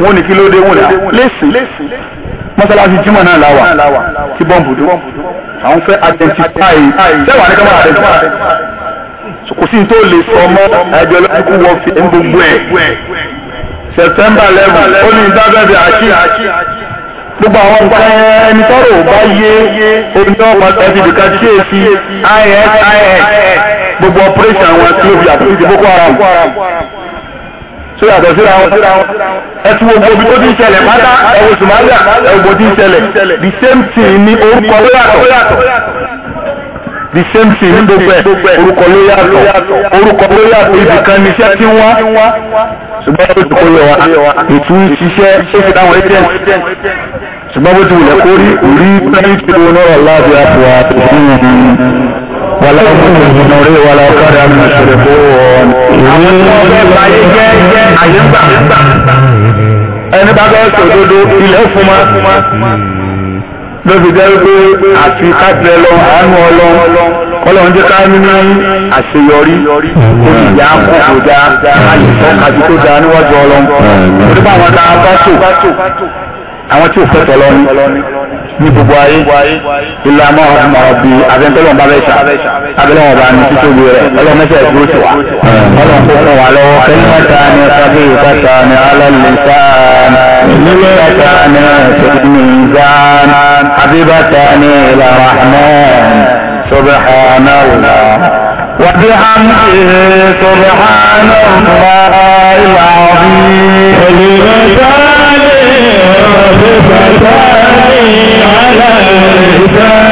wọ́n ní kí ló dé wọ́n ah, lẹ́sìn mọ́sálásí jimá náà la wà tí bọ́ǹbù dé àwọn fẹ́ identify sẹ́wà ní kí wọ́n identify kò sí tó lè sọ mọ́ ẹjọ́ lọ́kùnkú wọ́n fi ń gbogbo ẹ̀ September eleven ó ní ìdábẹ́bẹ́ àti gbogbo àwọn nǹkan ẹni tọrọ ò bá yé oní ọmọ ẹbí nìkan tí èsì ISIS gbogbo operation wọn tí ó fi àtúntò Boko Haram tó yàtọ̀ síra wọn ẹtù gbogbo omi tó ti ń ṣẹlẹ̀ pátá ẹ̀wọ̀n Somalia ẹ̀wọ̀n tó ń ṣẹlẹ̀ the same thing ni orúkọ wíyàtọ̀ the same thing ní gbogbo ẹ̀ orúkọ ló yàtọ̀ orúkọ ló yàtọ̀ ibìkan níṣẹ́ tí wá ṣùgbọ́n ó ti kó yẹ wa ètò ìṣiṣẹ́ ṣé fi dáwọn agent ṣùgbọ́n bó ti wùlẹ̀ kó rí orí bẹ́ẹ̀ ti wo náà láti àpò àti fún un wàlá ọmọ ìrìnà orí wàlá ọ̀kadà mi ṣẹlẹ̀ kó wọn. àwọn tí wọn fẹ́ báyé jẹ́ jẹ́ àyè gbà ẹni bá gbọ́ sòdodo ilẹ̀ fún ma ló fi jẹ́ pé àfi kájẹ lọ àánú ọlọ́run ọlọ́run jẹ́ ká ní àṣeyọrí olùyà kòkòdà àyẹ̀fọ́ kàdí tó da níwájú ọlọ́run nípa àwọn tá a bá tò àwọn tí ò fẹ́ tọ́lọ́ ní ní gbogbo ayé ilé amọ́ ọmọ ọ̀bí abẹ́ńtọ́lọ́ ọba bẹ́ẹ̀ sà abẹ́lẹ́ ọba ní títóbi rẹ̀ ọlọ́mẹ́sẹ̀ dúró sí wa ọlọ́run kò fún wa lọ́wọ́ kẹ́lẹ́mẹ́ta ni sábẹ́ ìbáta ni alálẹ́sà nílẹ̀ta ni sẹ́yìn nìyí zan abíbáta ni ìlà rahman. سبحان الله وبحمده سبحان الله العظيم ولمثاله على اللسان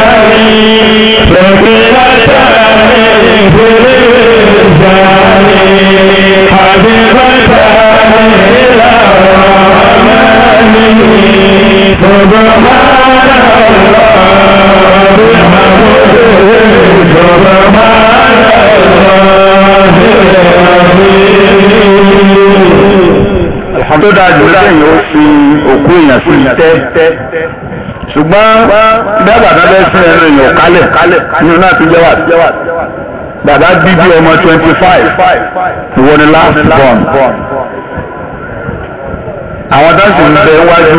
tó dáa jù lẹ́yìn ó fi òkú èèyàn sí tẹ́ ṣùgbọ́n dábàá dábẹ́ sí ẹnu èèyàn kálẹ̀ nínú náà ti jẹ́ wà bàbá bíbí ọmọ twenty five ìwọ ni last born àwọn dáńsì ń bẹ wájú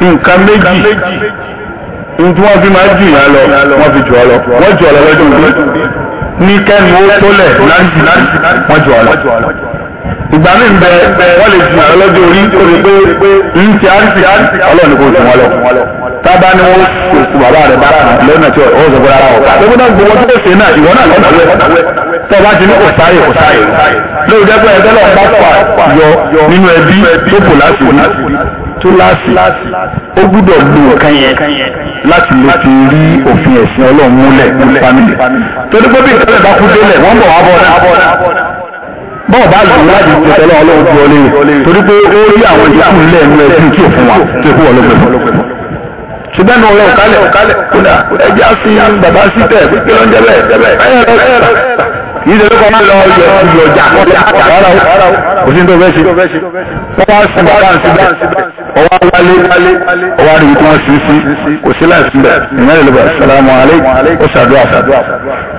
nǹkan méjì ntí wọ́n fi máa jù yàn lọ wọ́n fi jù ọ lọ wọ́n jù ọ lọ lọ́dún ní kẹ́mi ó tólẹ̀ láńtì wọ́n jù ọ lọ. ìgbà mi bẹ wọ́n lè jù ọlọ́jọ́ orí kó lè pé ń ti àrísì kò sùn wọ́n lọ. tábà ni wọ́n kò sùn bàbá rẹ̀ bá ara wọn. náà gbogbo tó ṣe náà ìwọ náà lọ́nà wẹ̀ tó ti ní kò sáyè kò sáyè. lórí dẹ́gbẹ́ ẹgbẹ́ bá yọ nínú ẹbí tó kò láti tó láti ó gbúdọ̀ yẹn láti lè fi rí òfin ẹ̀sìn ọlọ́run múlẹ̀ torí pé bí ìtọ́lẹ̀ bá bọ́ọ̀ bá lò láti tẹ̀tẹ̀lọ́ ọlọ́run fi ọlé torí pé ó rí àwọn ìyàwó ilé ẹ̀mú ẹbí tí ò fún wa tí ó kú ọlọ́gbẹ̀fọ́ ṣùgbọ́n ọlọ́run kálẹ̀ kódà ẹja sí bàbá sí tẹ̀ pípẹ́ lọ́njẹ́ bẹ́ẹ̀ nítorí kọ́ máa lọ yọ ìlú ọjà kọjá àtàrà kò sí tó fẹ́ ṣe wọ́n wá sí bàbá àti bẹ́ẹ̀ ọwọ́ wálé ọwọ́ àdìgbò tí wọ́n sì sí kò sí láì sí bẹ́ẹ̀ ìyá ìlú bẹ́ẹ̀ sàlámù alẹ́ ó ṣàdúrà fún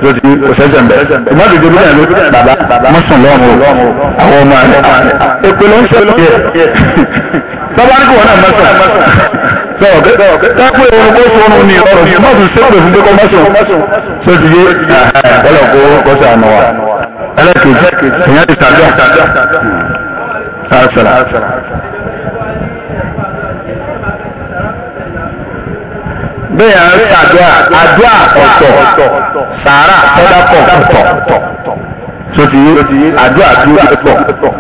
ló ti kò sẹ́jẹ̀ ń bẹ̀ ìmọ̀ dòdò bí ẹ̀rọ bàbá mọ́sùn lọ́mù àwọn ọmọ rẹ̀ èpè ló ń ṣe lọ́mù kápẹ́ òun kó sọ̀rọ̀ ní ọ̀rọ̀ má fi sẹ́pẹ̀ fún pẹ́kọ́ má sọ̀rọ̀ ṣé ti yé ọlọ́ kó kọ́ sí àná wa ẹlẹ́kẹ̀ẹ́ ìyẹn ti sàdúrà sàdúrà. bẹ́ẹ̀ à ń sàdúrà àdúrà ọ̀tọ̀ sàárà tọ́dá pọ̀ ọ̀tọ̀ ṣé ti yé àdúrà dúró pọ̀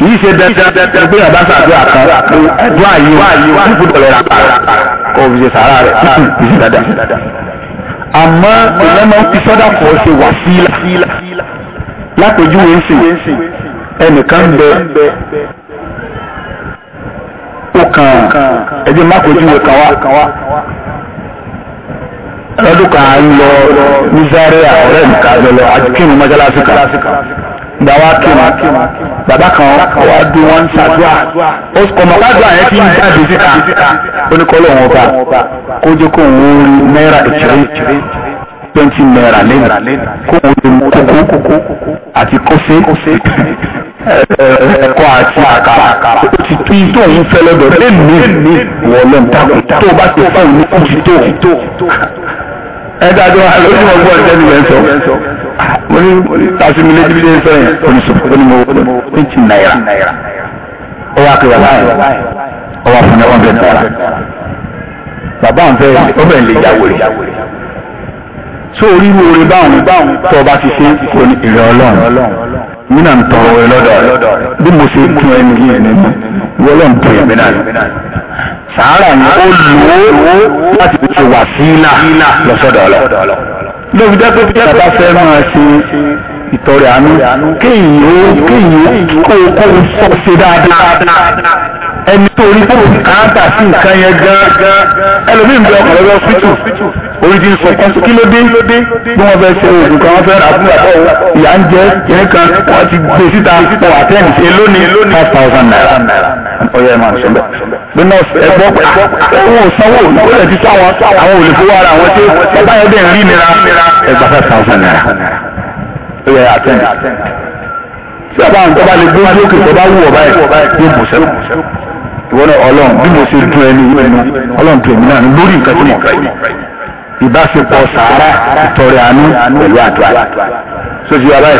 kì í ṣe dandan gbé ọba sàdúrà kan ẹdún ààyè wà ní gbọdọ̀ rẹ̀ àpàrà kò fi ṣe sàárà rẹ̀ kì í ṣe dandan. àmọ́ ìyẹn máa ń fi sọ́dà pọ̀ ṣe wà sílá lápèjúwe ń sìn ẹnìkan bẹ ó kàn ẹjẹ má pèjúwe kan wá lọ́dún kan à ń lọ ní Zaria ọ̀rẹ́ mi kan lọ àjùkínú mọ́ṣáláṣí kan gbàwá kìnnà bàbá kan wà á dún wọn ṣàdúrà ó kọmọ káàdùn àyẹ tí ń jáde síta oníkọlọ wọn bá kójú kó ń wọ́n rí náírà ìtìrí twenty naira lẹ́nu kó ń wọ́n rí kókó àti kọ́sẹ́ ẹ̀kọ́ àti àkàrà ó ti tún tó ń fẹ́ lọ́dọ̀ lẹ́nu wọ́n lọ́n dákun tó bá tó fún un ní tó ẹ̀dá tó wà lórí wọn gbọ́ ìtẹ́nu rẹ̀ sọ mo ní tàṣímù létí bí lẹ́yìn sọ́yìn oníṣòwò onímọ̀ owó twenty naira ó wá kéwà láàyè ó wá fún ẹwọn bẹ́ẹ̀ náírà bàbá àwọn fẹ́ ó bẹ̀ lè yàwó rẹ̀ sórí wo rẹ̀ báwọn tó o ti ṣe kò ní mina ń tọrọ ẹ lọ́dọ̀ bí mo ṣe tún ẹni yìí nínú wọlé ń tún ẹ̀mí náà sàárà ni ó lò ó láti fi ṣe wàsílà lọ́sọ̀dọ̀ ọ̀lọ́ lóbi dẹ́pẹ́ bí dẹ́pẹ́ bá fẹ́ràn ẹ sí ìtọrẹ àánú kéèyàn ó kéèyàn ó kó o sọ ṣe dáadáa ẹni tó orí kó káàtà sí nǹkan yẹn gan ẹlòmíì ń bẹ ọkọ lọ́wọ́ fítù orí ti ń sọ kan kí ló dé bí wọ́n fẹ́ ṣe oògùn kan wọ́n fẹ́ rà fún ìyàtọ̀ ìyá ń jẹ́ kìnìún kan wọ́n ti gbé síta wọ́n àtẹ́yìn ṣe lónìí five thousand naira ọ̀yẹ́ máa ń sọ bẹ́ẹ̀ bí nọ́ọ̀sì ẹgbọ́ pé ẹ̀wọ̀n ah, sanwó ìgbọ́lẹ̀ ti sáwọn àwọn olùkówó ara àwọn tí bàbá yẹn bẹ́ẹ̀ ń rí nira ẹgbàá five thousand naira ó yẹ àtẹnì tí àbá àwọn tọ́ba lè gbé ojú òkè tọ́ba wù ọ̀bá ẹ̀ yóò bù sẹ́wọ̀ ìwọ náà ọlọ́run bí mo ṣe dún ẹni ẹnu ọlọ́run tún èmi náà lórí nǹkan tí mo fẹ́ yìí ìbáṣepọ̀ sàárà ìtọrẹ àánú pẹ̀lú àdúrà sojú aláì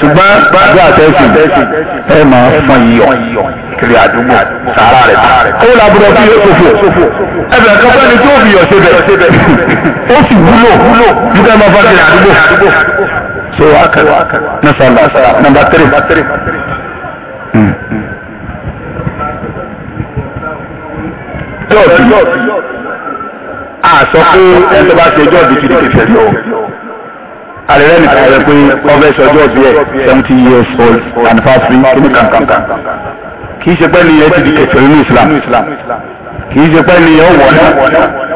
ṣùgbọ́n bí àtẹ́sìn ẹ máa fọn iyọ̀ kiri àdúgbò sàárà rẹ̀ kó làbúrò bí òfò ẹbẹ̀ kan fẹ́ ni tí ó fi yọ̀ ṣe bẹ̀ ó sì wúlò nígbà máa fọ́ kiri àdúgbò so haka na sallah number 3 jọ́ọ̀bì a sọ pé ẹni tó bá ṣe jọ́ọ̀bì kìdí kìfẹ́ lọ. Àrẹ̀rẹ́ nìkan rẹ̀ pé ọbẹ̀ sọ jọ́ọ̀bì ẹ̀ seventy years old and fasting kìíní kankan. Kì í ṣe pé ni ẹ ti di kẹfẹ́ nínú Islam. Kì í ṣe pé ni ẹ wọ̀ náà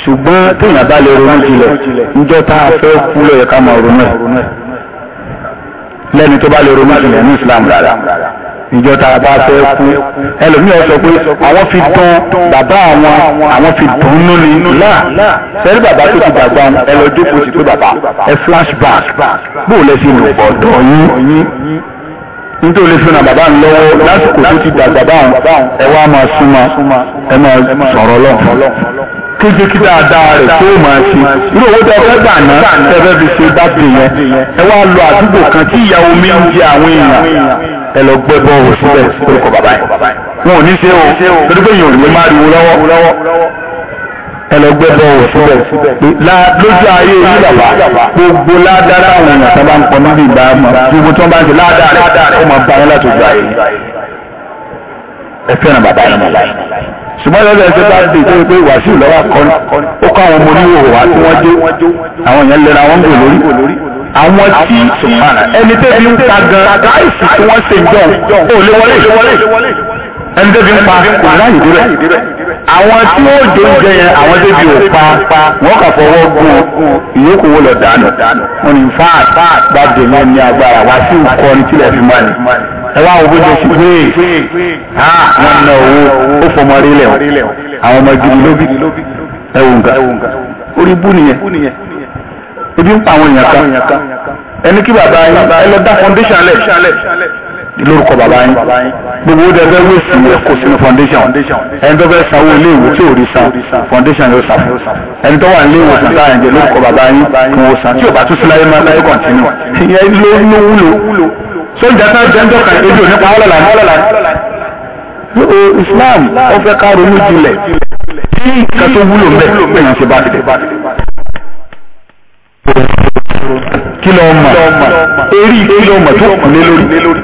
ṣùgbọ́n téèyàn bá lè ronú jinlẹ̀ níjọ́ tá a fẹ́ kú lóye ká máa ronú ẹ̀ lẹ́ni tó bá lè ronú jinlẹ̀ ní Islam rárá níjọ́ tá a bá fẹ́ kú ẹlòmíràn sọ pé àwọn fi dán bàbá àwọn àwọn fi dùn ún lónìí là sẹ́rí bàbá tó ti dàgbà ẹ lọ jókòó sí pé bàbá ẹ flashback bó o lẹ sí lò ọ̀dọ̀ yín nítorí olè fúnra bàbá ń lọ́wọ́ lásìkò tó ti dàgbà báwọn ẹ wá máa súnmọ́ ẹ máa sọ̀rọ̀ lọ. kéde kí dáadáa rẹ̀ tó máa ṣe irú owó tẹ fẹ́ gbà ná tẹ fẹ́ fi ṣe bá dè yẹn ẹ wá lọ àdúgbò kan tí ìyàwó mi ń jẹ àwọn èèyàn ẹ lọ gbẹ bọ́ọ̀lù síbẹ̀ orúkọ bàbá yẹn. wọn ò ní ṣe o torí pé èèyàn ò ní máa riwo lọ́wọ́ ẹlẹgbẹ bọwọ síbẹ̀ lójú ayé yìí bàbá gbogbo ládàá àwọn èèyàn tó bá ń pọn níbi ìgbà mọ gbogbo tó ń bá ń ṣe ládàá rẹ ó máa bá wọn láti gbà yìí ẹ fẹ́ràn bàbá yìí màlá yìí ṣùgbọ́n lọ́dọ̀ ẹsẹ̀ bá dé tó pé wàṣíù lọ́wọ́ kan ó kọ́ àwọn ọmọ oníwòwò wá tí wọ́n jó àwọn èèyàn lera wọn gò lórí àwọn tí ẹni tẹ́bi ń ta gan láìsí tí wọ́n ṣe jọ ò lè wọlé ẹni tó fi ń pa kò láyè dúró àwọn tí ó jẹ oúnjẹ yẹn àwọn tó fi ò pa wọn kà fọwọ́ gún ìyókù wo lọ dànù wọn ní fa gbàdé náà ní agbára wá sí nǹkan ní tílẹ̀ fi máa ní ẹ wá owó jẹ sí pé wọn ná owó ó fọmọ rí lẹ̀ àwọn ọmọ gidi lóbi ẹ wò nǹkan orí bú nìyẹn ebi ń pa àwọn èèyàn kan ẹni kí bàbá ẹ lọ dá foundation lẹ̀ lórúkọ bàbá yín gbogbo ó dẹgbẹ́ wíìsì yẹn kò sínú foundation ẹni tó fẹ́ sanwó ilé ìwé tí ò rí san foundation yóò san ẹni tó wà ní ilé ìwòsàn táyà jẹ lórúkọ bàbá yín kò wò san tí ò bá tún sí láyé máa láyé kọ̀ntínú ìyẹn ló ló wúlò sójà náà jẹ́ ń dọ́kàn ebi ò nípa ọlọ́lá Islam ó fẹ́ ká ronú jinlẹ̀ tí nǹkan tó wúlò ń bẹ̀ pé èèyàn ṣe bá ti dẹ̀ kí lọ́ọ́ mà eré kí lọ́ọ́ mà tó kù lé lórí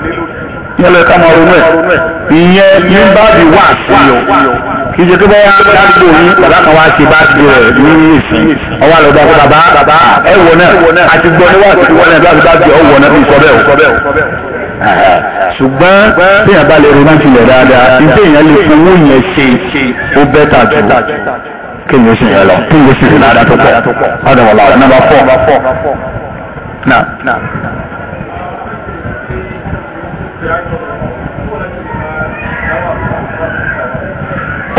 yẹn lọ ká máa ronú ẹ̀ ìyẹn ní bá bí wà sí o kì í ṣe tó bá wá dágbò yín bàbá kan wá ṣe bá ti rẹ̀ ní ìsìn ọwọ́ àlọ́ bá fún bàbá ẹ wọ náà àti gbọ́ níwájú tí wọ́n náà bá bí ọ wọ náà bí sọ bẹ́ẹ̀ o ṣùgbọ́n téèyàn bá lè ronú tilẹ̀ dáadáa ibi èèyàn lè fi owó yẹn ṣe ó bẹ́tà jù kéèyàn sì yẹn lọ kéèyàn sì rí dáadáa tó pọ̀ ọ̀dọ̀ wọ̀lá ọ̀dọ̀ nàbà fọ́.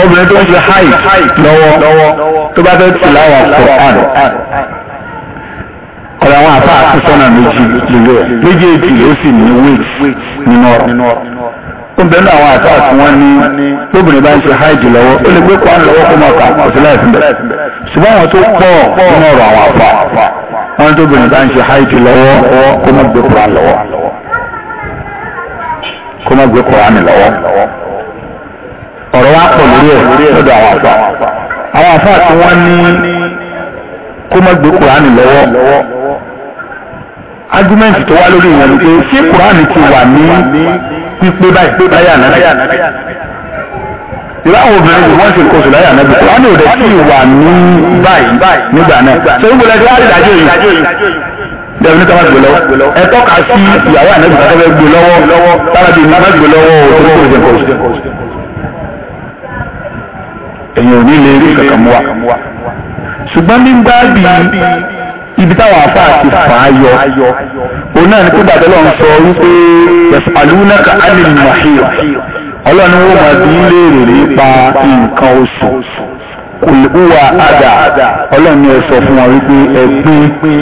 obìnrin tó ń ṣe háì lọ́wọ́ tó bá fẹ́ tìláwà Qur'an ọ̀rọ̀ àwọn àfa àtúnṣọ́nà méjì lulẹ̀ méjèèjì ló sì ní wéètì nínú ọ̀rọ̀ obìnrin náà àwọn àtọ́ àti wọ́n ní lóbìnrin bá ń ṣe háìjì lọ́wọ́ ó lè gbé Qur'an lọ́wọ́ kó máa kà ọ̀sẹ̀ láì fún bẹ́ẹ̀ ṣùgbọ́n àwọn tó pọ̀ nínú ọ̀rọ̀ àwọn àfa wọn tóbìnrin bá ń ṣe háìjì lọ́wọ́ lọ́wọ́ kó má gbé Qur'an lọ́wọ́ ọ̀rọ̀ wa pọ̀ lórí ẹ̀ lọ́dọ̀ àwọn àfà àwọn àfà tí wọ́n ní kó má gbé kùránì lọ́wọ́ ágúmẹ́ǹtì tó wá lórí ìyẹn ni pé ṣé kùránì ti wà ní pípé báyìí báyà náà ìráwọ̀ obìnrin ni wọ́n ti kó sùn láyà náà kùránì ò dẹ̀ tí ì ní báyìí nígbà náà ṣé ń gbọ́dọ̀ tí wọ́n rí ìdájọ́ yìí dẹ̀bi níta máa gbé lọ́wọ́ ẹ tọ́ka sí ìyàwó ànágbèsà tó fẹ́ gbé lọ́wọ́ tára bíi níta máa gbé lọ́wọ́ òtún èyàn ò ní lè rí kankan mú wa. ṣùgbọ́n nígbà bí ibi táwọn afa àti fà á yọ òun náà ni kódà tọ́lọ́ ń sọ wípé yasalunaka anil mahir ọlọ́ni wo máa bí léèrè nípa nǹkan oṣù olùkúwa àdà ọlọ́ni ẹ sọ fún wa wípé ẹ gbé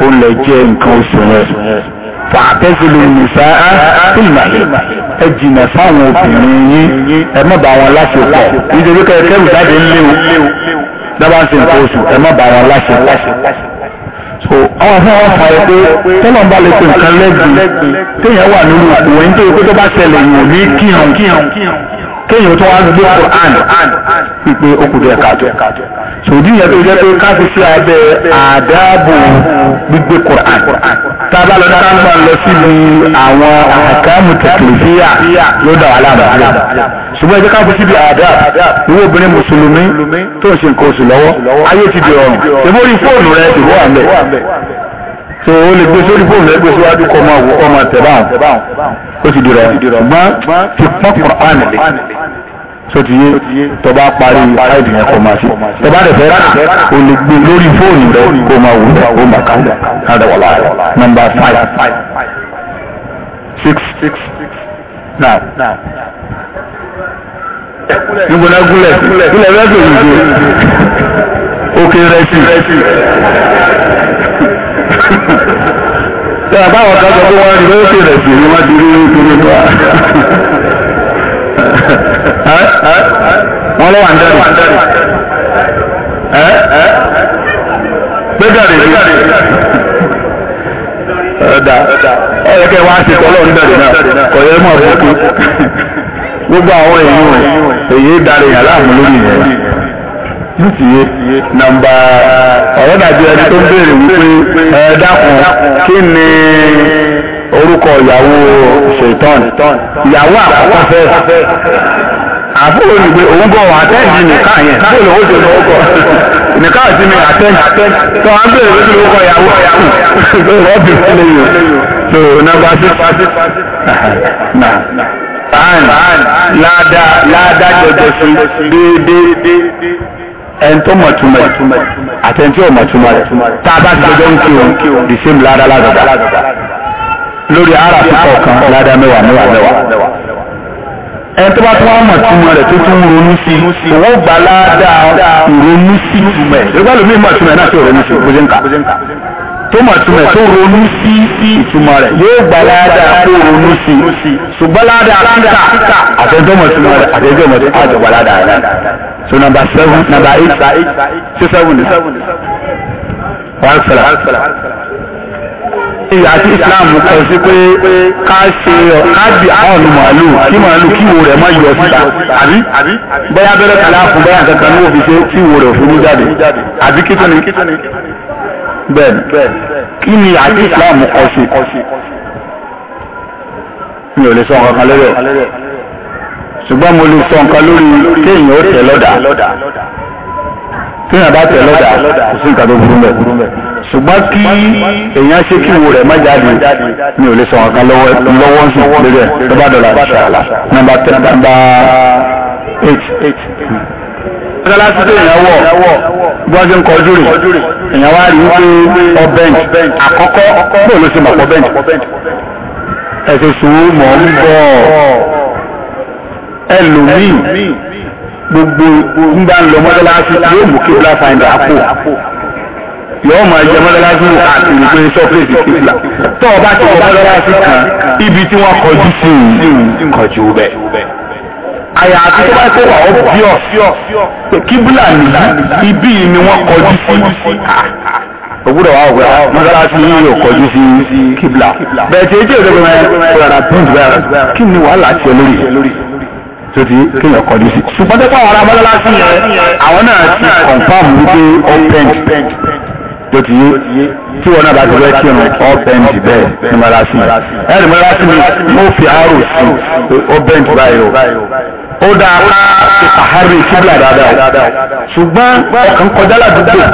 òun lè jẹ nǹkan oṣù rẹ fàtẹ́sílẹ̀ nìsáà fún ìmàlẹ́ ẹ jìnà sáwọn obìnrin yín ẹ má bá wọn láṣepọ̀ nítorí pé kẹrù jáde léwu dábàá ń ṣe nǹkan oṣù ẹ má bá wọn láṣepọ̀ so àwọn fún àwọn fàyẹ pé tọ́lọ̀ ń bá lè pe nǹkan lẹ́gbẹ̀ẹ́ téèyàn wà nínú òwe nítorí pé tó bá ṣẹlẹ̀ yìí ò ní kírun kéèyàn tó wá gbé Qur'an pípé okùnrin ẹ̀ka tó sòdí yẹn tó jẹ́ pé ká fi sí abẹ́ àdáàbò gbígbé Qur'an tábà lọ tábà lọ síbi àwọn àkàmù tẹkìlìfíà ló dà wà láàbà ṣùgbọ́n ẹjẹ́ káàkiri síbi àdá ìwé obìnrin mùsùlùmí tó ń ṣe nǹkan oṣù lọ́wọ́ ayé ti di ọ̀run ìmórí fóònù rẹ ti wà mẹ́ so o lè gbé sórí fóònù rẹ gbé síwájú kọ́ máa wò kọ́ máa ó ti di rẹ̀ ṣùgbọ́n ti pọ́n kọ́ ánìlẹ̀ sotiye tó bá parí áìdì yẹn kò máa ṣe tó bá dẹ̀fẹ́ o lè gbé lórí fóònù rẹ kó máa wù ú ó máa ká àdàwọ̀lá rẹ nọ́mbà five six six nine nígbóná gúnlẹ̀ gúnlẹ̀ bẹ́ẹ̀ tó yìí òkè rẹ̀ sí. Ṣé àbáwọ̀ kan sọ pé wọ́n rí lókè rẹ̀ sí ni wọ́n ti rí lórí tó wá? wọn lọ wà ń dẹrù gbẹdẹrẹ ọdà ọyọ kẹ wá sí tọlọ ń dẹrù náà kò yẹ mọ àbúkú gbogbo àwọn èèyàn èyí darí yàrá àmúlórí yẹn yóò sì yé nàmbà ọ̀rọ̀ dàbí ẹni tó ń béèrè wípé ẹ dákun kí ni orúkọ ìyàwó ṣètọ́n ìyàwó àkọ́kọ́ fẹ́ àbúrò nìgbè òun gan wà àtẹ́ǹdì nìkan yẹn bóòlù ó ṣe lọ́wọ́ kọ́ nìkan àti mi àtẹ́ǹdì tó à ń bèrè lójú lórúkọ ìyàwó ìyàwó lọ́wọ́ bèrè lẹ́yìn so nàbà sí. báàn láàdá láàdá jẹjẹ sí déédéé ẹni tó mọ̀ túmọ̀ àtẹ̀ntí ò mọ̀ túmọ̀ rẹ̀ tá a bá ti jẹjọ́ ń kí o the same láàdá lórí ara fi kọ̀ọ̀kan ládàá mẹ́wàá mẹ́wàá mẹ́wàá ẹni tó bá tún wá mọ̀ túmọ̀ rẹ̀ tó tún ronú sí owó gbà ládàá ronú sí túmọ̀ ẹ̀ lórí gbàlómi mọ̀ túmọ̀ ẹ̀ náà tó ronú sí bó ṣe ń kà tó mọ̀ túmọ̀ tó ronú sí ìtumọ̀ rẹ̀ yóò gbà ládàá tó ronú sí ṣùgbọ́n ládàá kíkà àtẹ̀jọ́mọ̀ túmọ̀ rẹ̀ àtẹ̀jọ́mọ̀ tó àjọpọ̀ ládàá rẹ̀ so number seven number eight six seven one seven àti Islam kọ sí pé ká ṣe káàdì ọ̀nù màálù kí màálù kí wo rẹ̀ má yọ síta àbí bóyá abẹ́rẹ́ kan láàfún bóyá nǹkan ní òfin ṣe kí wo rẹ̀ òfin mú jáde àbí kí ni bẹ́ẹ̀ kí ni àti Islam kọ sí mi ò lè sọ nǹkan kan lórí ẹ̀ ṣùgbọ́n mo lè sọ nǹkan lórí kéèyàn ó tẹ̀ lọ́dà kéèyàn bá tẹ̀ lọ́dà kò sí nǹkan tó burú mẹ́ ṣùgbọ́n kí èèyàn ṣe kí ìwò rẹ̀ má jáde mi ò lè sọ̀rọ̀ kan lọ́wọ́ lọ́wọ́ sí lórí ẹ̀ tó bá dọ̀là ìṣàlá nọ́mbà ten nọ́mbà eight. mọ́sálásí tó èèyàn wọ̀ bí wọ́n ṣe ń kọjú rè èèyàn wá rí wípé ọbẹ̀ǹtì àkọ́kọ́ bóò ló ṣe mọ̀ pọ̀ bẹ́ǹtì ẹ̀sẹ̀ sùúrù mọ̀ ń bọ̀ ẹlòmíì gbogbo ń bá ń lọ mọ́sálásí yóò mú kí ó láfa ẹ̀ yọọ máa jẹ mọ́lẹ́lásí wò káàkiri pé sọ́fẹ̀sì kíkìlá tó o bá ti wọ mọ́lẹ́lásí kan ibi tí wọ́n kọjú sí i kọjú bẹ́ẹ̀. àyà àti tó bá tó wà ó bí ọ pé kíbùlà nìyí ibí ni wọ́n kọjú sí òwúrọ̀ wa òwúrọ̀ mọ́sálásí yìí ò kọjú sí kíbla bẹ́ẹ̀ tí èjì òdòdó mẹ́rin rárá bíńdì bẹ́ẹ̀ kí ni wàhálà tiẹ̀ lórí sotí kéèyàn kọjú sí. ṣùgbọ́n tó kọ́ àwọn ará mọ́sálásí yẹn àwọn náà ti kọ̀ǹfàmù wípé ó pẹ́ǹtì tó ti yé tí wọn náà bá ti fẹ́ kírun ọ́bẹ̀ǹdì bẹ́ẹ̀ ní mọ́lásì ẹ̀rì mọ́lásì mi mo fi àárò sí ọ́bẹ̀ǹdì báyìí o ó dáa ká ṣe pàhárì kíbla dáadáa ṣùgbọ́n ọkàn kọjá ládùúgbò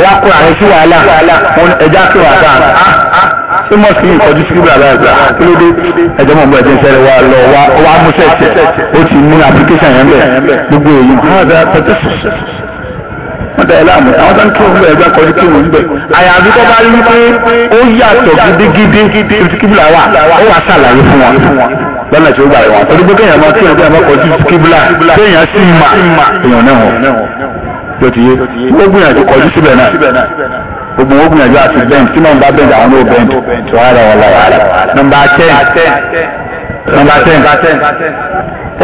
ọwọ́ kó àrẹ sí wàhálà ẹja kí wàá dáa ah, ah, ṣé mọ́sí mi kọjú sí kíbla báyìí gbà ah, kí ló dé ẹjọ́ mọ̀ bọ́ ẹ̀jẹ̀ ń sẹ́rẹ̀ wá lọ wá mú sẹ́ẹ̀tẹ̀ ó ti mú application yẹn bẹ̀ gbogbo èyí wọ́n tẹ̀ láàmú àwọn tó ń kí òun bẹ̀ ẹgbẹ́ kọjú kí òun bẹ̀ àyàfi tó bá rí pé ó yàtọ̀ gidigidi kìbìlà wà ó wà sàlàyé fún wọn lọ́nà tí ó gbà wọn. olùgbé kéèyàn máa kéèyàn bí àwọn kọjú kìbìlà kéèyàn sì mà èèyàn náà wọn ló ti yé ó gbìyànjú kọjú síbẹ̀ náà gbogbo wọn gbìyànjú àti bend tí màá bá bend àwọn ló bend wàhálà wàhálà wàhálà nọ́mbà ten nọ́mbà ten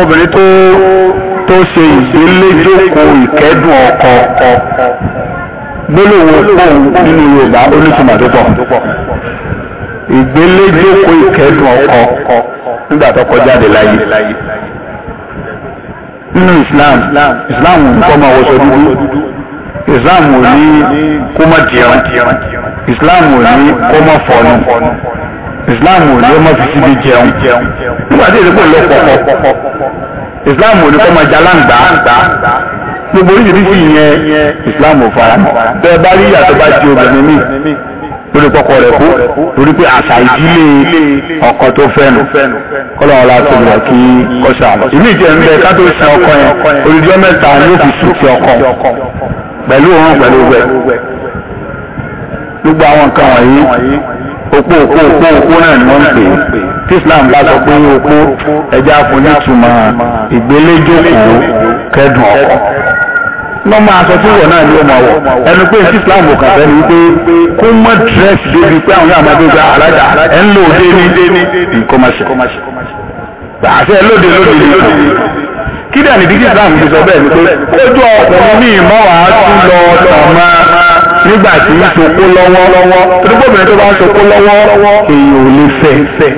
obìnrin tó tó ṣe ìgbéléjókòó ìkẹ́dùn ọkọ gbólóhùn pòun nínú Yorùbá olùsùnmọ̀ tó pọ̀ ìgbéléjókòó ìkẹ́dùn ọkọ nígbà tó kọjáde láyé nínú Islam Islam kọ́ máa wọṣọ dúdú Islam ò ní kó má dìrán Islam ò ní kó má fọ̀nù islam ò ní ọmọ fífi bí jẹun nígbà tí èdè pò ń lọ pọ̀pọ̀ islam ò ní kọ́ máa jalangba gbogbo oríṣiríṣi yẹn islam ò fara mọ́ bẹ́ẹ̀ bá rí ìyàtọ̀ bá di obìnrin míì lórí kọ́kọ́ rẹ̀ kú torí pé àṣà ìdílé ọkọ tó fẹ́nu kọ́lọ́ ọ̀la tó lọ kí kọ́ṣà lọ. ìmí ìjẹ́ ń bẹ ká tó sin ọkọ yẹn olùdíọ́ mẹ́ta ni ó fi sùn sí ọkọ pẹ̀lú òun pẹ̀lú wẹ̀. gbogbo àwọn nǹkan wọ̀nyí opó opó opó opó náà ni wọ́n ń pè é tí Islam bá sọ pé opó ẹja fún nítumọ̀ ìgbéléjókòó kẹdùn ọkọ wọ́n máa sọ fún wọn náà ni ó máa wọ̀ ẹnu pé tí Islam kò kàfẹ́ ni wípé kó mọ́ dírẹ́sì débi pé àwọn yàrá máa gbé gba alájà ẹ̀ ń lò ó dé ní ìkọ́mọ̀ṣẹ́ àti ẹ̀ lóde lóde lóde kí dàní dídí Islam ti sọ bẹ́ẹ̀ ni pé ojú ọkùnrin ní ìmọ̀ wàá tún lọ ọ̀tọ̀ máa nígbà tí ń sokó lọ́wọ́ torípòbìnrin tó bá ń sokó lọ́wọ́ èèyàn ò lè fẹ́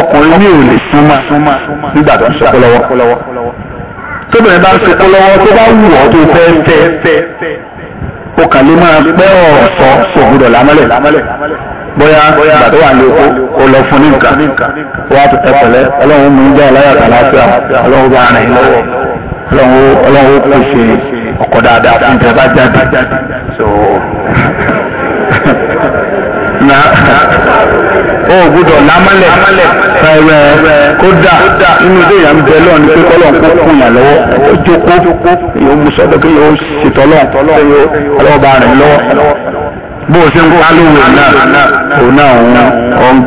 ọkùnrin mi ò lè súnmọ́ nígbà tó ń sokó lọ́wọ́ tóbìnrin bá ń sokó lọ́wọ́ tó bá wù ọ́ tó fẹ́ fẹ́ o kàn lè máa pẹ́ ọ̀rọ̀ sọ sògùdọ̀ lámọ́lẹ̀ bóyá ìgbà tó wà ní oko ó lọ fún ní nǹkan wá ẹ̀pẹ̀lẹ́ ọlọ́run mú un jẹ́ ọláyàtà láàfíà ọlọ́run bá rìn lọ́wọ́ ọlọ́run ó pèsè ọkọ dáadáa fún ìtẹ bá jáde so na ó gbúdọ̀ lámálẹ̀ fẹ́rẹ́ kódà inú ilé ìyá ń bẹ lọ́ọ̀ ni pé kọ́lọ̀ kó kún yàn lọ́wọ́ ó jókòó yóò mú sọ́dọ̀ kí yóò ṣètọ́ lọ́ọ̀ ọlọ́wọ́ bá rẹ̀ lọ́wọ́ bó o ṣe ń kọ́ lóhùn ẹ̀ náà òun náà òun ọ̀n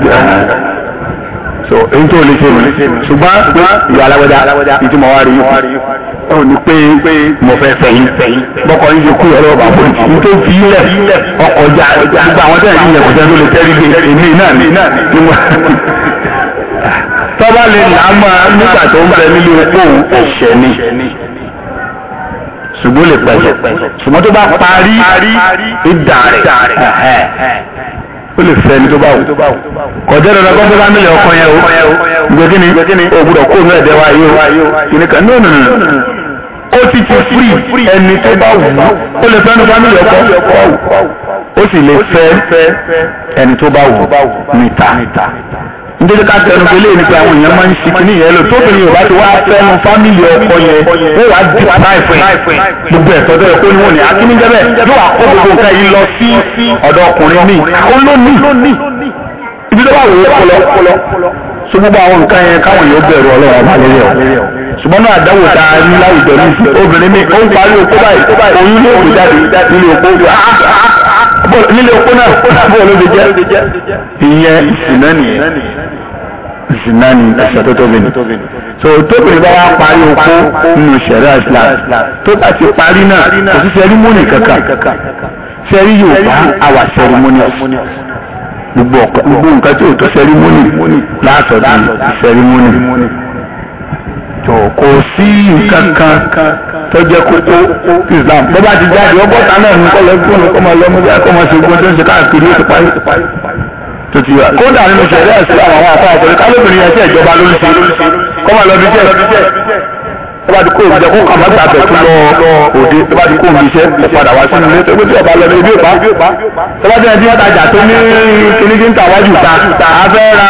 so èyí tó lè ṣe mi ṣùgbọ́n ìyá alágbádá ìtumọ̀ wa rí yìí ó ní pé mo fẹ́ fẹ̀yìn bọ́kọ yín ṣe kú ọ̀rọ̀ ọba fún mi tó fi ilẹ̀ ọkọ̀ ọjà gbogbo àwọn tẹ̀lé yẹn kò sẹ́ni ó lè tẹ́rí gbé èmi náà ni tọ́ba lè là á máa nígbà tó ń bẹ nílé òun ẹ̀ṣẹ̀ ni ṣùgbọ́n lè pẹ̀lú ṣùgbọ́n tó bá parí ìdá rẹ̀ ó lè fẹ́ ni tó bá wù kọjá dandan kọ́ bá nílẹ̀ ọkọ yẹn o gbẹ́gínní o gbúdọ̀ kó nù ẹ̀dẹ́ wa yóò kíníkan nínú nínú ó ti ti free ẹni tó bá wù ú ó lè fẹ́ ní family ọkọ ó sì lè fẹ́ ẹni tó bá wù ú níta nítorí ká tẹnu pé léyìn pé àwọn èèyàn máa ń ṣìkì ní ìyẹn lò tóbìnrin yorùbá ti wá fẹnu fámìlì ọkọ yẹn ó wàá di láìpẹ́ gbogbo ẹ̀tọ́ tó yẹ kó níwọ̀n ní akíníjẹbẹ yóò wá kó gbogbo nǹkan yìí lọ sí ọ̀dọ̀ ọkùnrin míì àwọn ibi tó bá wò ó kọlọ so gbogbo àwọn nǹkan yẹn káwọn yóò bẹ̀rù Ọlọ́run ṣùgbọ́n náà àdáwò ta ní láwùjọ ní ìsìn obìnrin mi ó ń parí okó báyìí oyún ní òkú jáde nílé okó nílé okó náà bọ́ọ̀ ló ti jẹ́ ìyẹn ìsìnà nìyẹn ìsìnà ni ẹ̀ṣẹ̀ tó tóbi ni so tóbi bá wá parí okó nínú ìṣẹ̀rẹ́ Islam tó bá ti parí náà kò sí sẹ́rímónì kankan sẹ́rí yóò bá àwà sẹ́rímónìọ̀s gbogbo nǹkan tí ò tó sẹ́rímónì láàtọ̀ di sẹ́rímónì kò sí nǹkan kan tó jẹ́ kókó Islam tó bá ti jáde ọgọ́ta náà ní kọ́lọ́ fóònù kọ́ máa lọ mú bẹ́ẹ̀ kọ́ máa ṣe gbọ́n tó ń ṣe káàkiri ó ti parí tó ti wá kódà nínú ṣẹ̀rí ẹ̀sìn àwọn àwọn àpá ọ̀pọ̀lọpọ̀ kálóbìnrin ẹ̀sìn ìjọba ló ń ṣe kọ́ máa lọ bí jẹ́ tó bá ti kó ìbíjẹ kó kàmá gbà bẹ̀ tún lọ òde tó bá ti kó ìbíjẹ kó padà wá sínú ilé tó gbé tí ọba lọ ibi ìpá tó bá ti ẹni tí wọ́n tó ní kíníkí ń ta àfẹ́ ra